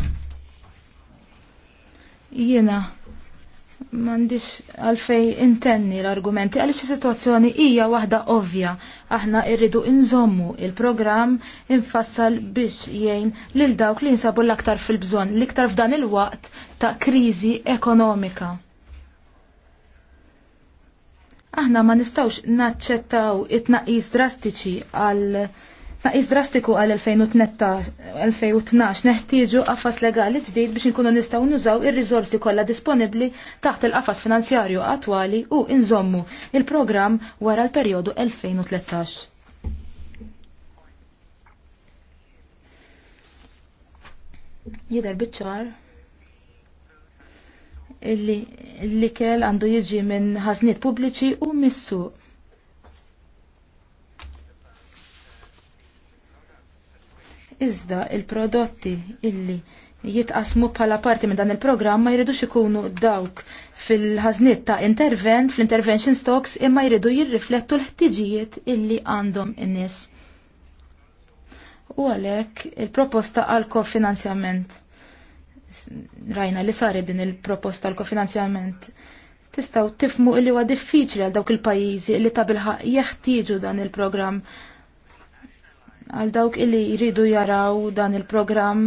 Jiena M'għandix għalfej intenni l-argumenti għalix situazzjoni sitwazzjoni hija waħda ovvja. Aħna rridu inżommu il-programm infassal biex jgħin lil dawk li jinsabu l-aktar fil-bżonn, l-iktar f'dan il-waqt ta' kriżi ekonomika. Aħna ma nistawx naċċettaw it-tnaqqis drastiċi għal Naqis drastiku għal 2012 neħtieġu qafas legali ġdid biex nkunu nistgħu nużaw ir-riżorsi kollha disponibbli taħt il-qafas finanzjarju attwali u inżommu il-programm wara l-perjodu 2013. Jidher biċ-ċar illi l-ikel għandu jiġi minn ħażniet pubbliċi u missu. Iżda il-prodotti illi jitqasmu bħala parti minn dan il-programm ma jridux ikunu dawk fil-ħażniet ta' intervent, fl-intervention stocks, imma jridu jirriflettu l-ħtiġijiet illi għandhom in-nies. U għalhekk il-proposta għal kofinanzjament. Rajna li sari din il-proposta għal kofinanzjament. Tistaw tifmu illi huwa diffiċli għal dawk il-pajjiżi li ta' bilħaq jeħtieġu dan il-programm għal dawk illi jridu jaraw dan il-programm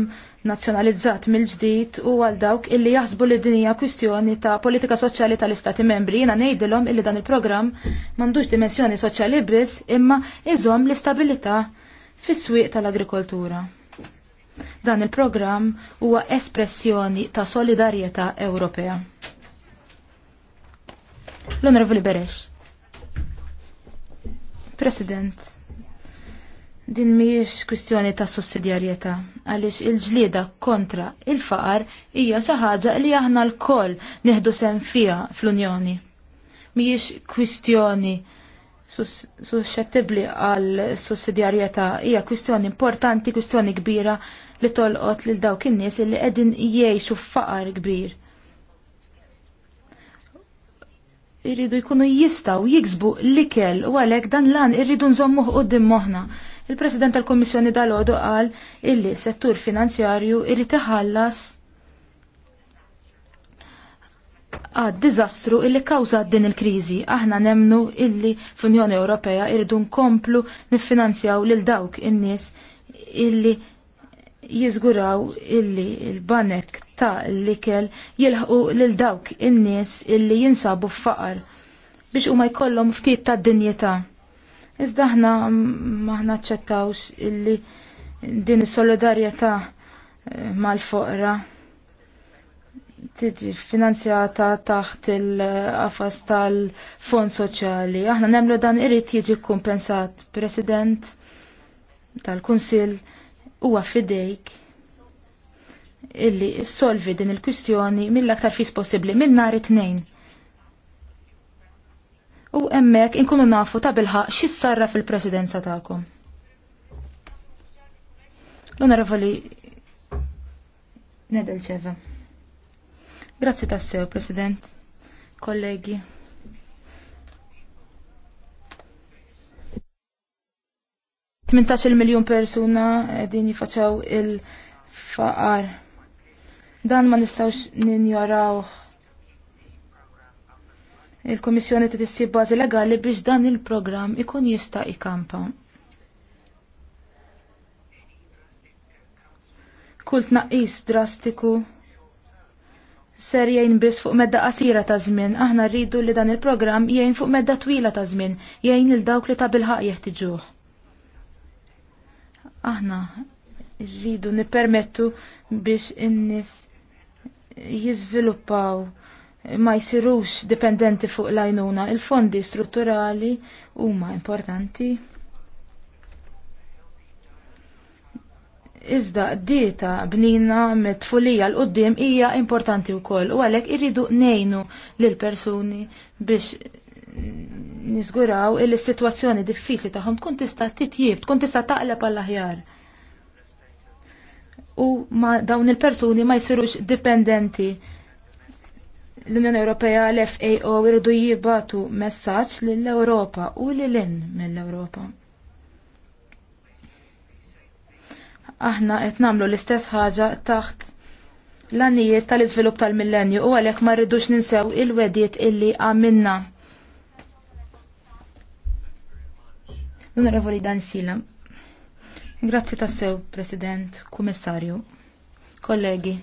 nazzjonalizzat mill-ġdid u għal dawk illi jaħsbu li din hija kwistjoni ta' politika soċjali tal-Istati membri jiena ngħidilhom illi dan il-programm m'għandux dimensjoni soċjali biss imma iżomm l istabilita fis-swieq tal-agrikoltura. Dan il-programm huwa espressjoni ta' solidarjetà Ewropea. L-Onorevoli Beresh. President. Din mhijiex kwistjoni ta' sussidjarjetà għaliex il-ġlieda kontra il-faqar hija xi ħaġa li aħna lkoll nieħdu sem fiha fl-Unjoni. Mhijiex kwistjoni suscettibbli għal sussidjarjetà hija kwistjoni importanti, kwistjoni kbira li tolqot lil dawk in-nies li qegħdin jgħixu f'faqar kbir. irridu jkunu jistaw jiksbu l-ikel u għalhekk dan lan irridu nżommuh quddiem moħna. Il-President tal-Kommissjoni dal-Odu qal illi settur finanzjarju irri iħallas għad dizastru illi kawza din il-krizi. Aħna nemnu illi fl-Unjoni Ewropea irridu nkomplu niffinanzjaw lil dawk in-nies illi jizguraw illi il-banek ta' l-ikel jilħu lil dawk in-nies illi jinsabu f'faqar biex huma jkollhom ftit ta' dinjeta' Iżda aħna maħna ċettawx illi din is-solidarjetà eh, mal-foqra tiġi finanzjata taħt il-qafas tal-fond soċjali. Aħna nemlu dan irrid jiġi kompensat president tal-Kunsill huwa fidejk illi issolvi din il-kwistjoni mill-aktar fis possibbli minn nhar it-tnejn u hemmhekk inkunu nafu ta' bilħaq x'issarra fil-presidenza tagħkom. L-onorevoli Nedelċeva. Grazzi ta' sew President, kollegi. il miljon persuna din jifaċaw il-faqar. Dan ma nistawx ninjorawh Il-Komissjoni trid issib bazi legali biex dan il-programm ikun jista' ikampa. Kull tnaqqis drastiku ser jgħin biss fuq medda qasira ta' żmien, aħna rridu li dan il-programm jgħin fuq medda twila ta' żmien, jgħin il dawk li ta' bilħaq jeħtiġuh. Aħna rridu nippermettu biex in-nies jiżviluppaw ma jsirux dipendenti fuq l Il-fondi strutturali huma importanti. Iżda dieta bnina mit-tfulija l-qoddim hija importanti wkoll u għalhekk irridu nejnu lil persuni biex niżguraw il-sitwazzjoni diffiċli tagħhom tkun tista' titjib, tkun tista' taqleb għall-aħjar u ma dawn il-persuni ma jsirux dipendenti l-Unjoni Ewropea l-FAO irridu jibatu messaġġ lill-Ewropa u lil in mill-Ewropa. Aħna qed nagħmlu l-istess ħaġa taħt l-għanijiet tal-iżvilupp tal-millenju u għalhekk ma rridux ninsew il-wedijiet illi għamilna. L-Onorevoli Dan Sila. Grazzi tassew, President, Kummissarju, kollegi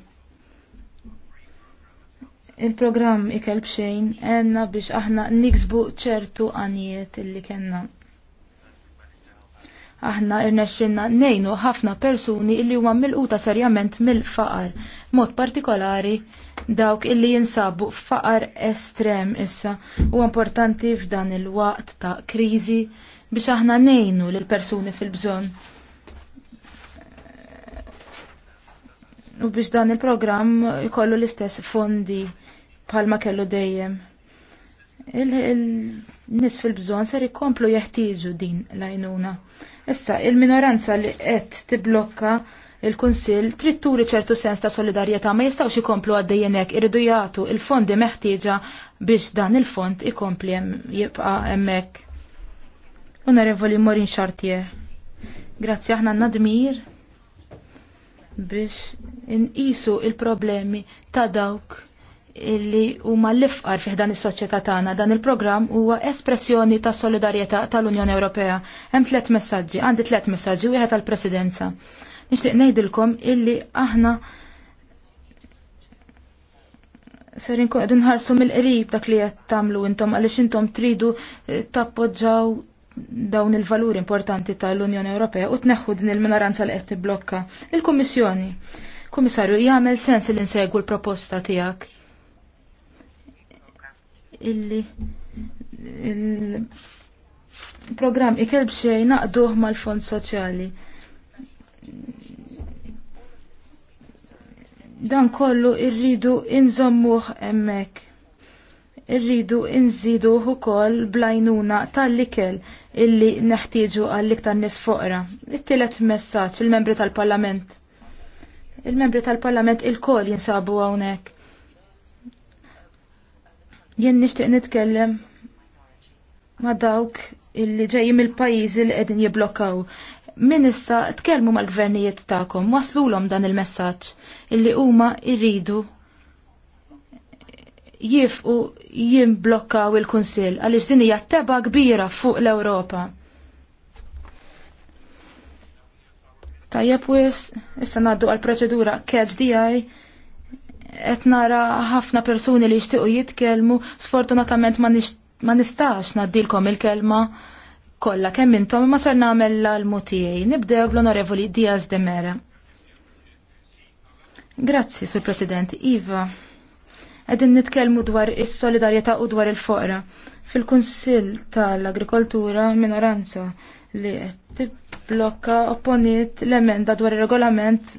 il-programm ikel bxejn għenna biex aħna niksbu ċertu għanijiet illi kena. Aħna irnexxinna nejnu ħafna persuni illi huma milquta serjament mill-faqar, mod partikolari dawk illi jinsabu faqar estrem issa u importanti f'dan il-waqt ta' kriżi biex aħna nejnu lil persuni fil-bżonn. U biex dan il-programm jkollu l-istess fondi palma kellu dejjem. Il-nis fil-bżon ser ikomplu jeħtieġu din lajnuna. Issa, il-minoranza li qed tiblokka il-Kunsill trid turi ċertu sens ta' solidarjetà ma jistgħux ikomplu għaddejjenek irridu jagħtu il-fondi meħtieġa biex dan il-fond ikompli jibqa' hemmhekk. Onorevoli Morin Chartier, grazzi aħna nadmir biex inqisu il-problemi ta' dawk illi huma l-ifqar fih dan is-soċjetà tagħna dan il-programm huwa espressjoni ta' solidarjetà tal-Unjoni Ewropea. Hemm tliet messaġġi, għandi tliet messaġġi wieħed tal-Presidenza. Nixtieq ngħidilkom illi aħna ser inkun nħarsu mill-qrib dak li qed tagħmlu intom għaliex intom tridu eh, tappoġġaw dawn il-valuri importanti tal-Unjoni Ewropea u tneħħu din il-minoranza li qed tibblokka. Il-Kummissjoni. Kummissarju, jagħmel sens li nsegwu l-proposta tiegħek illi il-programm ikel bxej naqduh mal-fond soċjali. Dan kollu irridu inżommuħ emmek. Irridu inżidu ukoll blajnuna tal-ikel illi neħtieġu għall-iktar nis foqra. It-tielet messaġġ il-membri tal-Parlament. Il-membri tal-Parlament il-kol jinsabu hawnhekk Jien nixtieq nitkellem ma' dawk illi ġejjin mill-pajjiżi li qegħdin jiblokkaw. Min issa tkellmu mal-gvernijiet tagħkom, waslulhom dan il-messaġġ illi huma jridu jifqu jimblokkaw il-Kunsill għaliex din hija teba kbira fuq l-Ewropa. Tajjeb wis, issa ngħaddu għall proċedura catch DI qed nara ħafna persuni li jixtiequ jitkellmu, sfortunatament ma nistax naddilkom il-kelma kollha kemm intom ma ser nagħmel l-almu Nibdew l onorevoli Diaz de Mera. Grazzi, Sur President. Iva, qegħdin nitkellmu dwar is-solidarjetà u dwar il-foqra. Fil-Kunsill tal-Agrikoltura minoranza li qed tibblokka opponiet l-emenda dwar ir-regolament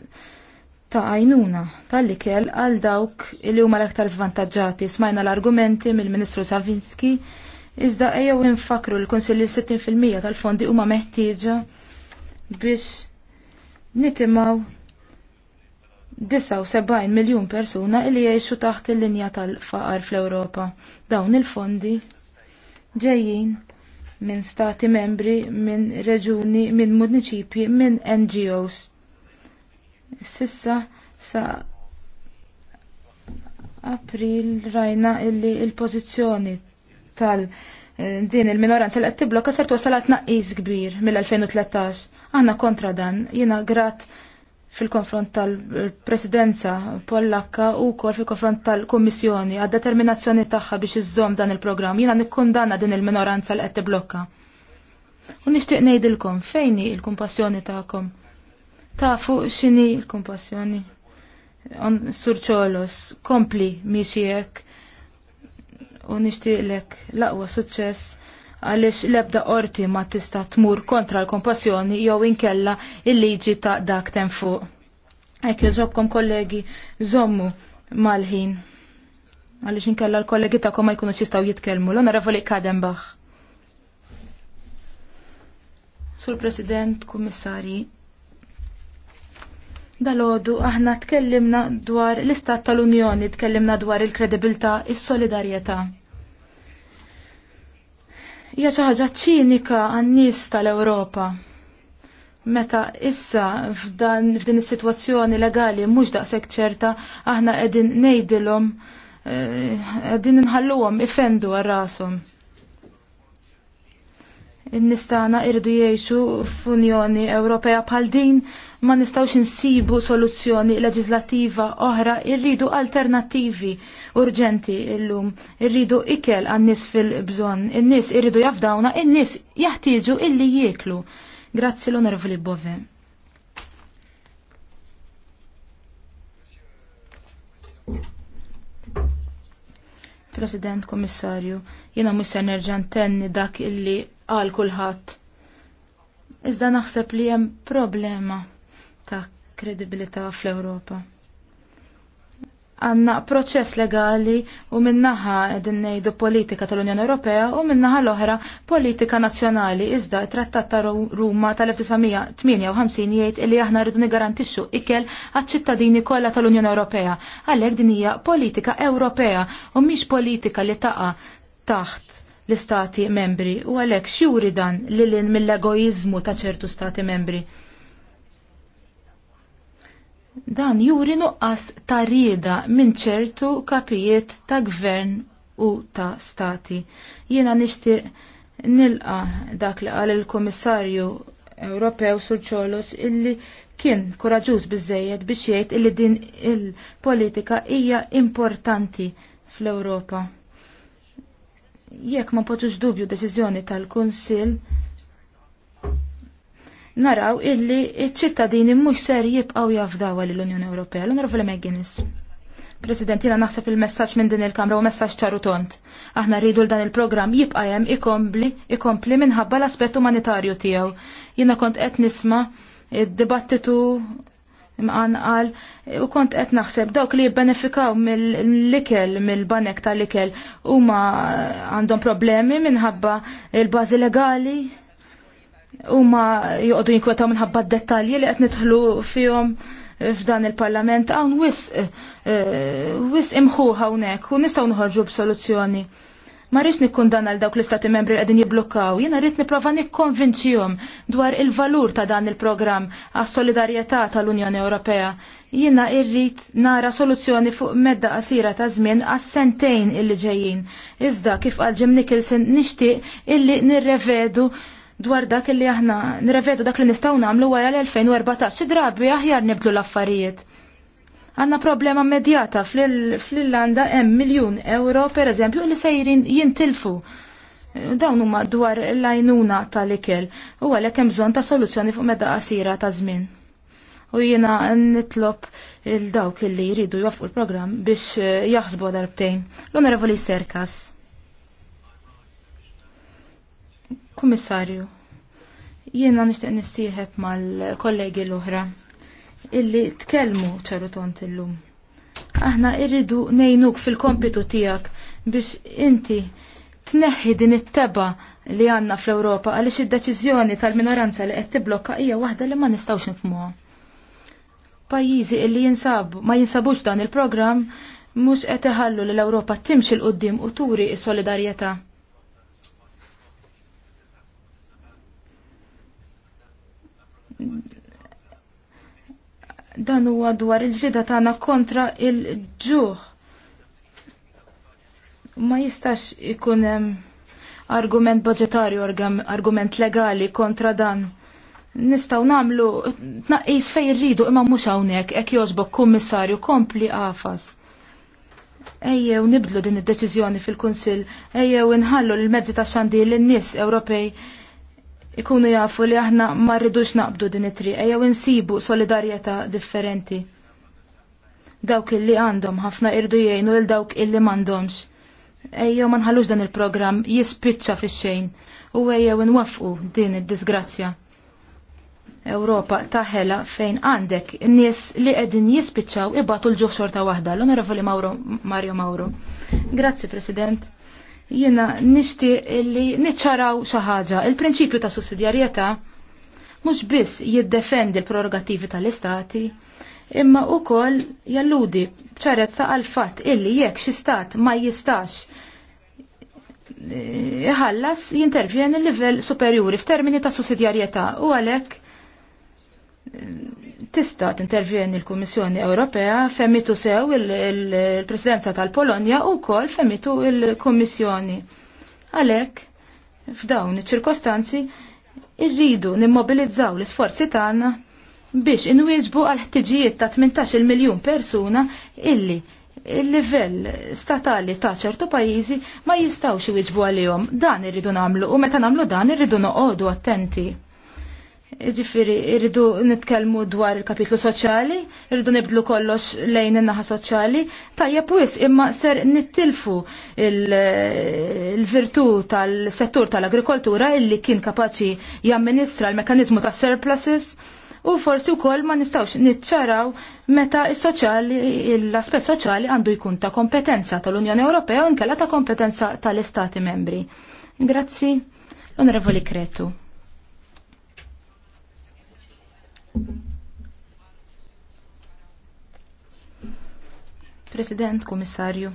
ta' għajnuna tal-ikel għal dawk li huma l-aktar zvantagġati. Smajna l-argumenti mill-Ministru Savinski iżda ejjew infakru l-Konsill 60% tal-fondi huma meħtieġa biex nitimaw 79 miljun persuna li jgħixu taħt il-linja tal-faqar fl-Ewropa. Dawn il-fondi ġejjin minn stati membri, minn reġuni, minn municipi, minn NGOs Sissa sa april rajna illi il-pozizjoni tal- eh, din il-minoranza li qed tibblokka ser twasal kbir mill-2013. Aħna kontra dan, jiena grat fil-konfront tal-presidenza Pollakka u kol fil-konfront tal-Kommissjoni għad determinazzjoni tagħha biex iżżomm dan il-programm. Jiena nikkundanna din il-minoranza li qed tibblokka. U nixtieq ngħidilkom fejni il-kumpassjoni tagħkom tafu x'inhi l-kompassjoni. Sur ċolos, kompli miexijek u nixtieqlek laqwa aqwa suċċess għalix lebda qorti ma tista tmur kontra l-kompassjoni jew inkella il-liġi ta' dak ten fuq. Ekk jżobkom kollegi żommu mal-ħin. Għalix inkella l-kollegi ta' ma jkunu xistaw jitkelmu. L-onorevoli Kadenbach. Sur President, Kummissari, Dalodu aħna tkellimna dwar l-istat tal-Unjoni, tkellimna dwar il kredibilta solidarjetà Il Hija xi ħaġa ċinika għan-nies tal-Ewropa. Meta issa f'din is-sitwazzjoni legali mhux daqshekk ċerta, aħna qegħdin ngħidilhom eh, qegħdin inħalluhom ifendu għal in nistana irdu jiexu f'Unjoni Ewropea bħal din ma nistawx insibu soluzzjoni leġislativa oħra, irridu alternativi urġenti illum, irridu ikel għan-nies fil-bżonn, in-nies irridu jafdawna, in-nies jaħtieġu illi jieklu. Grazzi l onorvoli Bove. President, Komissarju, jiena mhux se nerġa' ntenni dak illi għal kulħadd. Iżda naħseb li hemm problema kredibilità fl-Ewropa. Għanna proċess legali u minnaħa din ngħidu politika tal-Unjoni Ewropea u minnaħa l-oħra politika nazzjonali iżda trattat ta' Ruma tal-1958 jgħid li aħna rridu nigarantixxu ikel għaċ-ċittadini kollha tal-Unjoni Ewropea. Għalhekk din hija politika Ewropea u mhix politika li taqa' taħt l-istati membri u għalhekk xjuri dan lil mill-egoizmu ta' ċertu stati membri. Dan juri nuqqas ta' rieda minn ċertu kapijiet ta' gvern u ta' stati. Jiena nixtieq nilqa dak li qal il-Komissarju Ewropew Sur Ċolos illi kien koraġuż biżejjed biex jgħid illi din il-politika hija importanti fl-Ewropa. Jekk ma poġġux dubju deċiżjoni tal-Kunsill naraw illi iċ-ċittadini mhux ser jibqgħu jafdaw għal l-Unjoni Ewropea. L-Onorevole McGuinness. President, jina naħseb il-messaġġ minn din il-Kamra u messaġġ ċaru tont. Aħna rridu l-dan il-programm jibqa' ikompli ikompli minħabba l-aspett umanitarju tiegħu. Jiena kont qed nisma' id-dibattitu għal u kont qed naħseb dawk li jibbenefikaw mill-ikel, mill-banek tal-ikel huma għandhom problemi minħabba il-bażi legali huma joqogħdu jinkwetaw minħabba d-dettalji li qed nidħlu fihom f'dan il-Parlament hawn wis eh, eh, wis imħu hawnhekk u nistgħu b b'soluzzjoni. Ma rridx dan għal dawk l-istati membri għedin qegħdin jina jiena rrid nipprova nikkonvinċihom dwar il-valur ta' dan il-programm għas-solidarjetà tal-Unjoni Ewropea. Jiena rrid nara soluzzjoni fuq medda qasira ta' żmien għas-sentejn illi ġejjin. Iżda kif għalġem Jim Nicholson nixtieq illi nirrevedu dwar dak li aħna nirrevedu dak li nistgħu nagħmlu wara l-2014 xi drabi aħjar nibdlu l-affarijiet. Għanna problema immedjata fl-Irlanda hemm miljun euro pereżempju li sejrin jintilfu. Dawn huma dwar l-għajnuna tal-ikel u għalhekk hemm bżonn ta' soluzzjoni fuq meda qasira ta' żmien. U jiena nitlob il-dawk li jridu jwafqu l-programm biex jaħsbu darbtejn. L-Onorevoli Serkas. Kummissarju, jiena nixtieq nissieħeb mal-kollegi l-oħra illi tkellmu ċaru tont illum. Aħna irridu nejnuk fil-kompitu tijak biex inti tneħħi din it-teba li għanna fl-Ewropa għaliex id-deċiżjoni tal-minoranza li qed tiblokka hija waħda li ma nistgħux nifhmuha. Pajjiżi illi jinsab ma jinsabux dan il-programm mhux qed iħallu l ewropa timxi l qudiem u turi s-solidarjetà dan huwa dwar il-ġlida tagħna kontra il-ġuħ. Ma jistax ikun hemm argument budgetarju, argument legali kontra dan. Nistaw namlu tnaqqis fej irridu imma mhux hawnhekk hekk jogħġbok kummissarju kompli qafas. Ejjew nibdlu din id-deċiżjoni fil-Kunsill, ejjew inħallu l-mezzi ta' xandi lin-nies Ewropej ikunu jafu li aħna ma rridux naqbdu din it-triqa jew insibu solidarjetà differenti. Dawk illi għandhom ħafna irdu jgħinu lil dawk illi m'għandhomx. Ejjew ma nħallux dan il-programm jispiċċa fix-xejn u ejjew inwaffqu din id-disgrazzja. Ewropa taħela fejn għandek n-nies li qegħdin jispiċċaw ibatu l-ġuħ xorta waħda l-Onorevoli Mauro Mario Mauro. Grazzi President. Jiena nixtieq illi niċċaraw xi ħaġa. Il-prinċipju ta' sussidjarjetà mhux biss jiddefendi l-prerogativi tal-istati, imma wkoll jalludi b'ċarezza għal fatt illi jekk xi stat ma jistax eh, iħallas jintervjen il-livell superjuri f'termini ta' sussidjarjetà u għalhekk eh, tista' tintervjeni l-Kummissjoni Ewropea femmitu sew il-Presidenza tal-Polonja u kol femmitu il-Kummissjoni. Għalhekk, f'dawn iċ-ċirkostanzi, irridu nimmobilizzaw l-isforzi tagħna biex inwieġbu għal ħtiġijiet ta' 18 miljun persuna illi il-livell statali ta' ċertu pajjiżi ma jistawx iwieġbu għalihom. Dan irridu nagħmlu u meta nagħmlu dan irridu noqogħdu attenti. Ġifiri, irridu nitkellmu dwar il-kapitlu soċjali, irridu nibdlu kollox lejn in-naħa soċjali, tajja pwis imma ser nittilfu il-virtu il virtu tal tal-agrikoltura illi kien kapaċi jamministra l-mekanizmu tas surpluses u forsi wkoll ma nistgħux niċċaraw meta il soċjali l-aspett soċjali għandu jkun ta' kompetenza tal-Unjoni Ewropea u nkella ta' kompetenza tal-Istati membri. Grazzi, l-Onorevoli Kretu. President, Komissarju,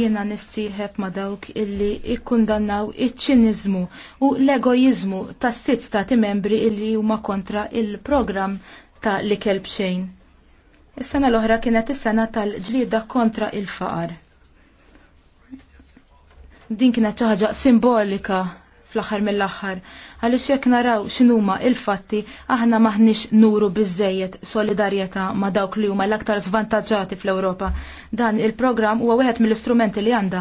jiena nissieħeb ma dawk illi ikkundannaw iċ-ċiniżmu u l-egoizmu tas sitt stati membri illi huma kontra il-programm ta' li kelb xejn. Is-sena l-oħra kienet is-sena tal-ġlieda kontra il-faqar. Din kienet ħaġa simbolika fl-aħħar mill-aħħar. Għaliex jekk naraw x'inhuma il-fatti aħna maħniex nuru biżejjed solidarjetà ma' dawk li huma l-aktar svantagġati fl-Ewropa. Dan il-programm huwa wieħed mill-istrumenti li għandha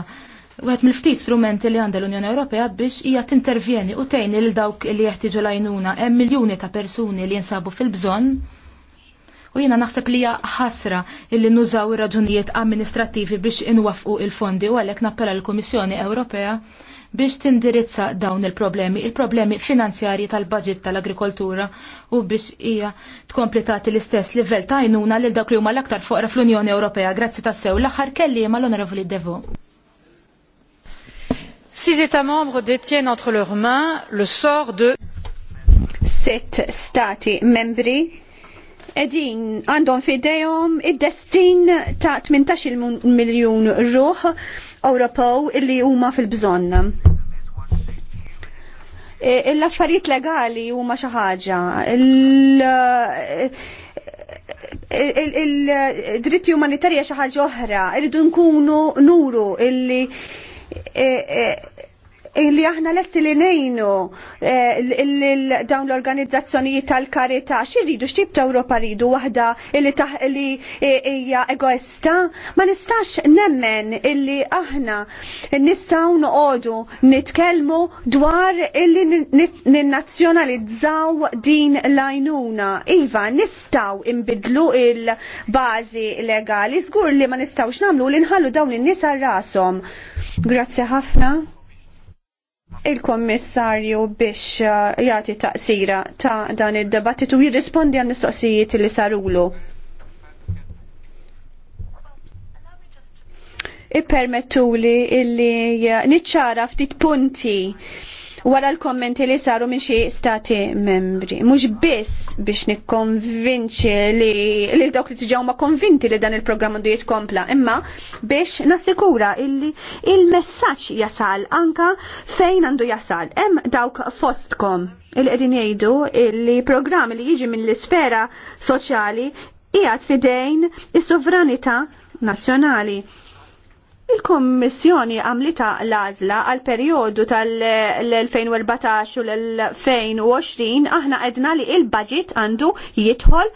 wieħed mill-ftit strumenti li għandha l-Unjoni Ewropea biex hija tintervjeni u tgħin lil dawk li jeħtieġu lajnuna hemm miljuni ta' persuni li jinsabu fil-bżonn u jina naħseb li hija ħasra illi nużaw ir-raġunijiet amministrativi biex inwafqu il-fondi u għalhekk nappella l-Kummissjoni Ewropea biex tindirizza dawn il-problemi, il-problemi finanzjarji tal-budget tal-agrikoltura u biex hija tkompletati l-istess livell ta' għajnuna lil dawk li huma l-aktar foqra fl-Unjoni Ewropea grazzi tassew, sew l-aħħar kelliema l-Onorevoli Devo. Six États membres détiennent entre leurs mains le sort de Sept stati membri edin għandhom fidejhom id-destin ta' 18 miljun ruħ Ewropew illi huma fil-bżonn. E, l-affarijiet legali huma xi ħaġa. Il-dritti umanitarja xi ħaġa oħra, irridu nkunu nuru illi e, e, li aħna lesti li nejnu eh, dawn l-organizzazzjonijiet tal-karita xiridu xtib ta' Europa ridu waħda li taħ eh, hija egoista ma nistax nemmen illi aħna nistaw noqogħdu nitkellmu dwar illi ninnazzjonalizzaw din lajnuna. Iva, nistaw imbidlu il-bazi legali, żgur li ma nistawx nagħmlu li nħallu dawn in-nies rasom. Grazzi ħafna il-kommissarju biex uh, jagħti taqsira ta' dan id-debattitu jirrispondi għal mistoqsijiet li sarulu. ippermettuli illi niċċara ftit punti wara l-kommenti li saru minn xi stati membri. Mhux biss biex nikkonvinċi li, li dawk li tiġew ma konvinti li dan il-programm għandu jitkompla, imma biex nassikura illi il-messaġġ jasal anka fejn għandu jasal. Hemm dawk fostkom il qegħdin jgħidu li programm li jiġi minn l-isfera soċjali qiegħed fidejn is-sovranità nazzjonali Il-Kommissjoni għamlita l-azla għal periodu tal-2014 u l-2020 aħna għedna li il-budget għandu jidħol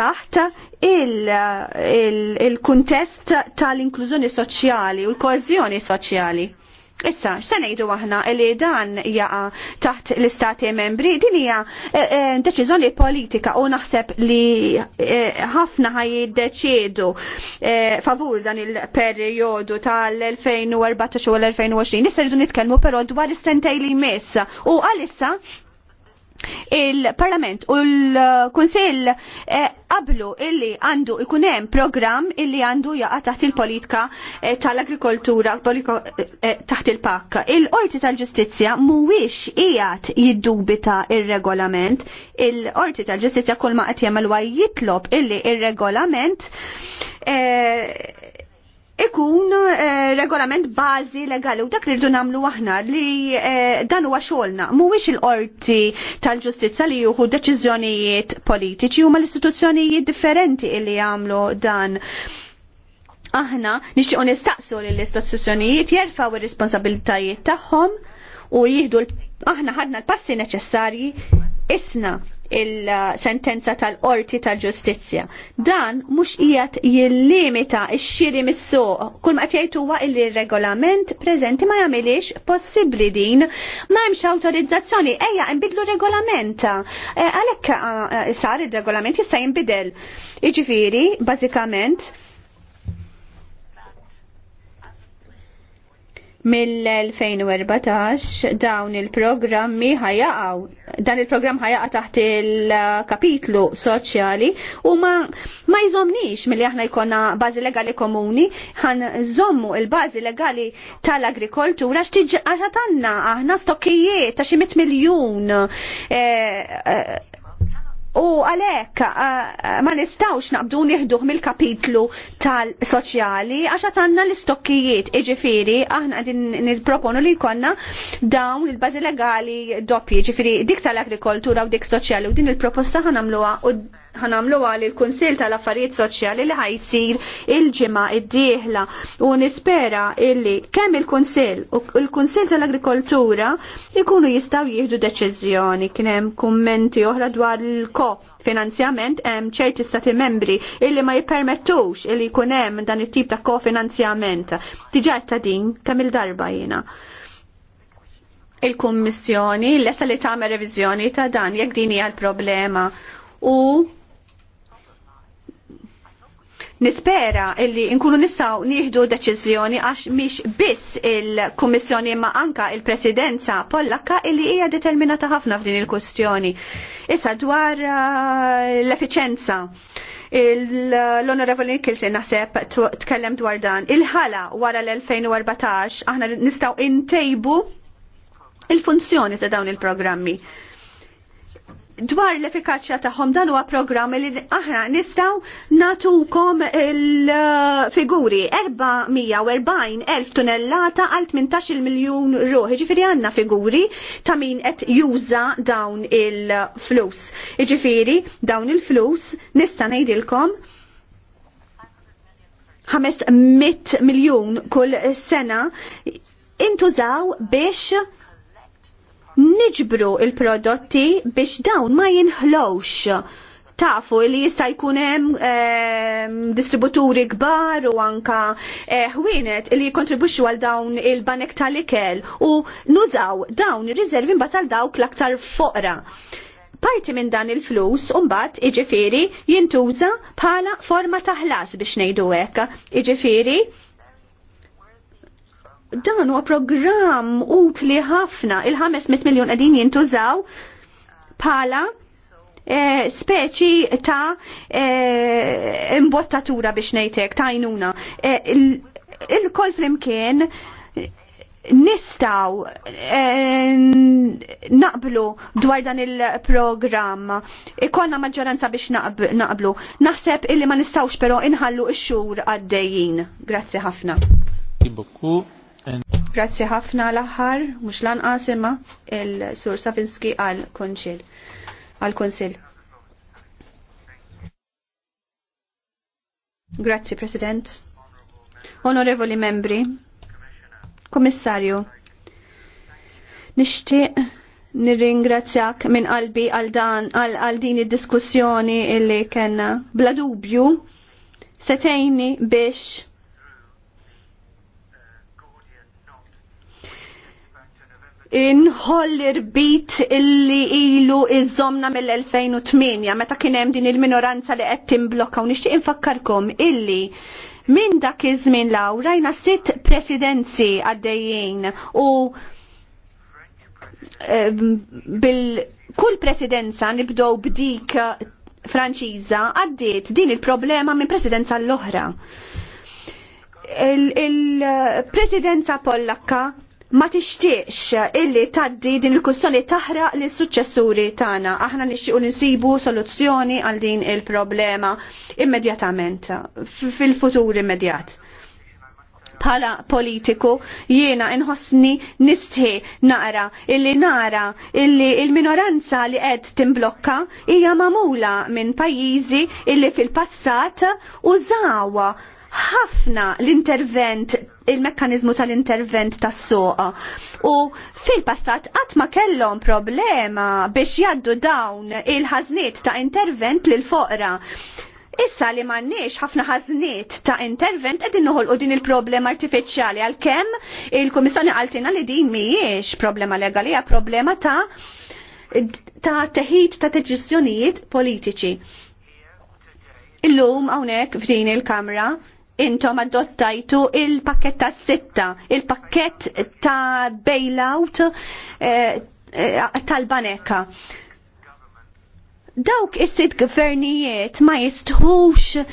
taħt il-kuntest il il tal-inklużjoni soċjali u l-koezjoni soċjali. Issa, xa nejdu aħna li dan jaqa taħt l-istati membri, din hija eh, eh, deċiżjoni politika u naħseb li eh, ħafna ħaj deċiedu favur dan il-perjodu tal-2014 u l-2020. Issa rridu nitkellmu però dwar is-sentej li jmiss u għalissa il-Parlament u l-Kunsill eh, qablu illi għandu ikun hemm programm illi għandu jaqa' taħt il-politika eh, tal-agrikoltura eh, taħt il-pakka. Il-Qorti tal-Ġustizzja mhuwiex qiegħed jiddubita il regolament Il-Qorti tal-Ġustizzja kull ma qed jagħmel jitlob illi il regolament ikun eh, regolament bażi legali u dak li rridu nagħmlu aħna li eh, dan huwa xogħolna mhuwiex il-qorti tal-ġustizza li juhu deċiżjonijiet politiċi huma l-istituzzjonijiet differenti li jagħmlu dan aħna nixtiequ nistaqsu li l-istituzzjonijiet jerfaw ir-responsabiltajiet tagħhom u jieħdu aħna ħadna l-passi neċessarji isna il-sentenza tal-qorti tal-ġustizzja. Dan mhux qiegħed jillimita x-xiri mis-suq. Kull ma qed huwa li regolament preżenti ma jagħmilix possibbli din ma hemmx awtorizzazzjoni ejja nbidlu regolament. Eh, għalhekk eh, sar ir regolament jista' jinbidel. Jiġifieri, bażikament, mill-2014 dawn il-programmi ħajaqaw, dan il-programm ħajaqa taħt il-kapitlu soċjali u ma, ma jżomnix mill-li aħna jkonna bazi legali komuni, ħan zommu il-bazi legali tal-agrikoltura għax tanna aħna stokkijiet ta' xi miljun eh, eh, U għalek, eh, eh, ma nistawx naqbdu nieħduh mill-kapitlu tal-soċjali, għax għandna l-istokkijiet, iġifiri, aħna għadin niproponu li jkollna dawn il-bazi legali doppji, iġifiri, dik tal-agrikoltura u dik soċjali, u din il-proposta għan u ħanamlu għal il-Kunsil tal-Affarijiet Soċjali li ħajsir il-ġimgħa id-dieħla u nispera illi kemm il-Kunsil u il-Kunsil tal-Agrikoltura jkunu jistgħu jieħdu deċiżjoni. Kien hemm kummenti oħra dwar il-ko finanzjament hemm ċerti stati membri illi ma jippermettux illi jkun hemm dan it-tip ta' kofinanzjament. Diġà ta' din kemm il-darba jiena il-Kummissjoni lesa li tagħmel reviżjoni ta' dan jekk din hija l-problema u Nispera illi nkunu nistgħu nieħdu deċiżjoni għax mhix biss il-Kummissjoni ma anka il-Presidenza Pollakka illi hija determinata ħafna f'din il-kwestjoni. Issa dwar uh, l-efficienza l-Onorevoli Nikilsen naħseb tkellem dwar dan. Il-ħala wara l-2014 aħna nistgħu intejbu il-funzjoni ta' dawn il-programmi dwar l-efikaċja tagħhom dan huwa programm li aħna nistgħu natukom il-figuri 440,000 tunellata għal 18 miljun ruħ. Jiġifieri għandna figuri ta' min qed juża dawn il-flus. Jiġifieri dawn il-flus nista' ngħidilkom 500 miljun kull sena intużaw biex niġbru il-prodotti biex dawn ma jinħlowx tafu li jista' jkun hemm ehm, distributuri kbar u anka eh, ħwienet li jkontribwixxu għal dawn il-banek tal-ikel u nużaw dawn ir-riservi mbagħad għal dawk l-aktar foqra. Parti minn dan il-flus mbagħad iġifieri jintuża bħala forma ta' ħlas biex ngħidu hekk. Jiġifieri. Dan huwa programm utli ħafna il-500 miljon qegħdin jintużaw pala eh, speċi ta' e, imbottatura biex ngħidlek ta' għajnuna. E, Il-kol flimkien nistaw naqblu dwar dan il-programm. Ikonna maġġoranza biex naqblu. Naħseb illi ma nistawx pero inħallu ix xhur għaddejjin. Grazzi ħafna. Grazzi ħafna l-aħħar, mhux lanqas imma il-Sur Safinski għal konċil għal konsil. Grazzi President. Onorevoli membri, Komissarju, nixtieq nirringrazzjak minn qalbi għal dan għal din id-diskussjoni illi kellna bla dubju setejni biex inħoll irbit illi ilu iżomna mill-2008 meta kien hemm din il-minoranza li qed timblokka u nixtieq infakkarkom illi minn dak iż-żmien law rajna sitt presidenzi għaddejjin u ehm, bil kull presidenza nibdow b'dik Franċiża għaddiet din il-problema minn presidenza l-oħra. Il-presidenza il, il presidenza pollakka ma tixtieqx illi taddi din il-kussjoni taħraq li suċċessuri tagħna. Aħna nixtiequ nsibu soluzzjoni għal din il-problema immedjatament fil-futur immedjat. Bħala politiku jiena inħossni nistħi naqra illi nara illi il-minoranza li qed timblokka hija mamula minn pajjiżi illi fil-passat użawa ħafna l-intervent il-mekkanizmu tal-intervent tas-soqa. U fil-passat qatt ma kellhom problema biex jaddu dawn il-ħażniet ta' intervent lil foqra. Issa li m'għandniex ħafna ħażniet ta' intervent qegħdin noħolqu din il-problema artifiċjali għalkemm il-Kummissjoni qaltina li din mhijiex problema legali, hija problema ta' ta' teħid ta' deċiżjonijiet politiċi. Illum hawnhekk f'din il-Kamra intom adottajtu il-pakket ta' sitta, il-pakket ta' bailout eh, eh, tal-baneka. Dawk is-sit gvernijiet ma jistħux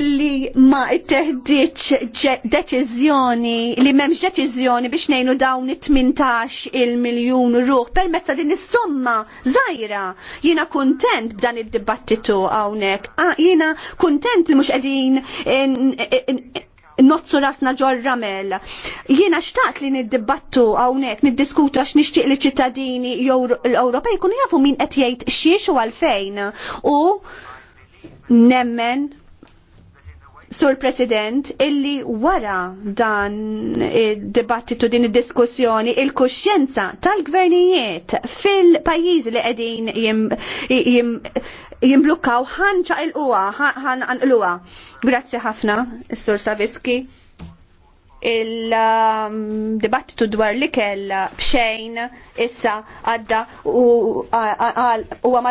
Li ma teħdiċ deċiżjoni li m'hemmx deċiżjoni biex ngħinu dawn it-18 il-miljun ruħ permezza din is-somma żgħira. Jiena kuntent b'dan id-dibattitu hawnhekk. Ah, jiena kuntent li mhux qegħdin eh, eh, eh, nozzu rasna ġor ramel. Jiena xtaqt li niddibattu hawnhekk niddiskutu għax nixtieq li ċittadini l-Ewropej jkunu jafu min qed jgħid xiex u għalfejn. U nemmen Sur President, illi wara dan il-dibattitu din il-diskussjoni il-kuxjenza tal-gvernijiet fil-pajiz li qegħdin jimblukkaw ħanċa il-uwa, ħan il-uwa. Grazzi ħafna, Sur Saviski. Il-dibattitu um, dwar li kell bxejn issa għadda u għamal.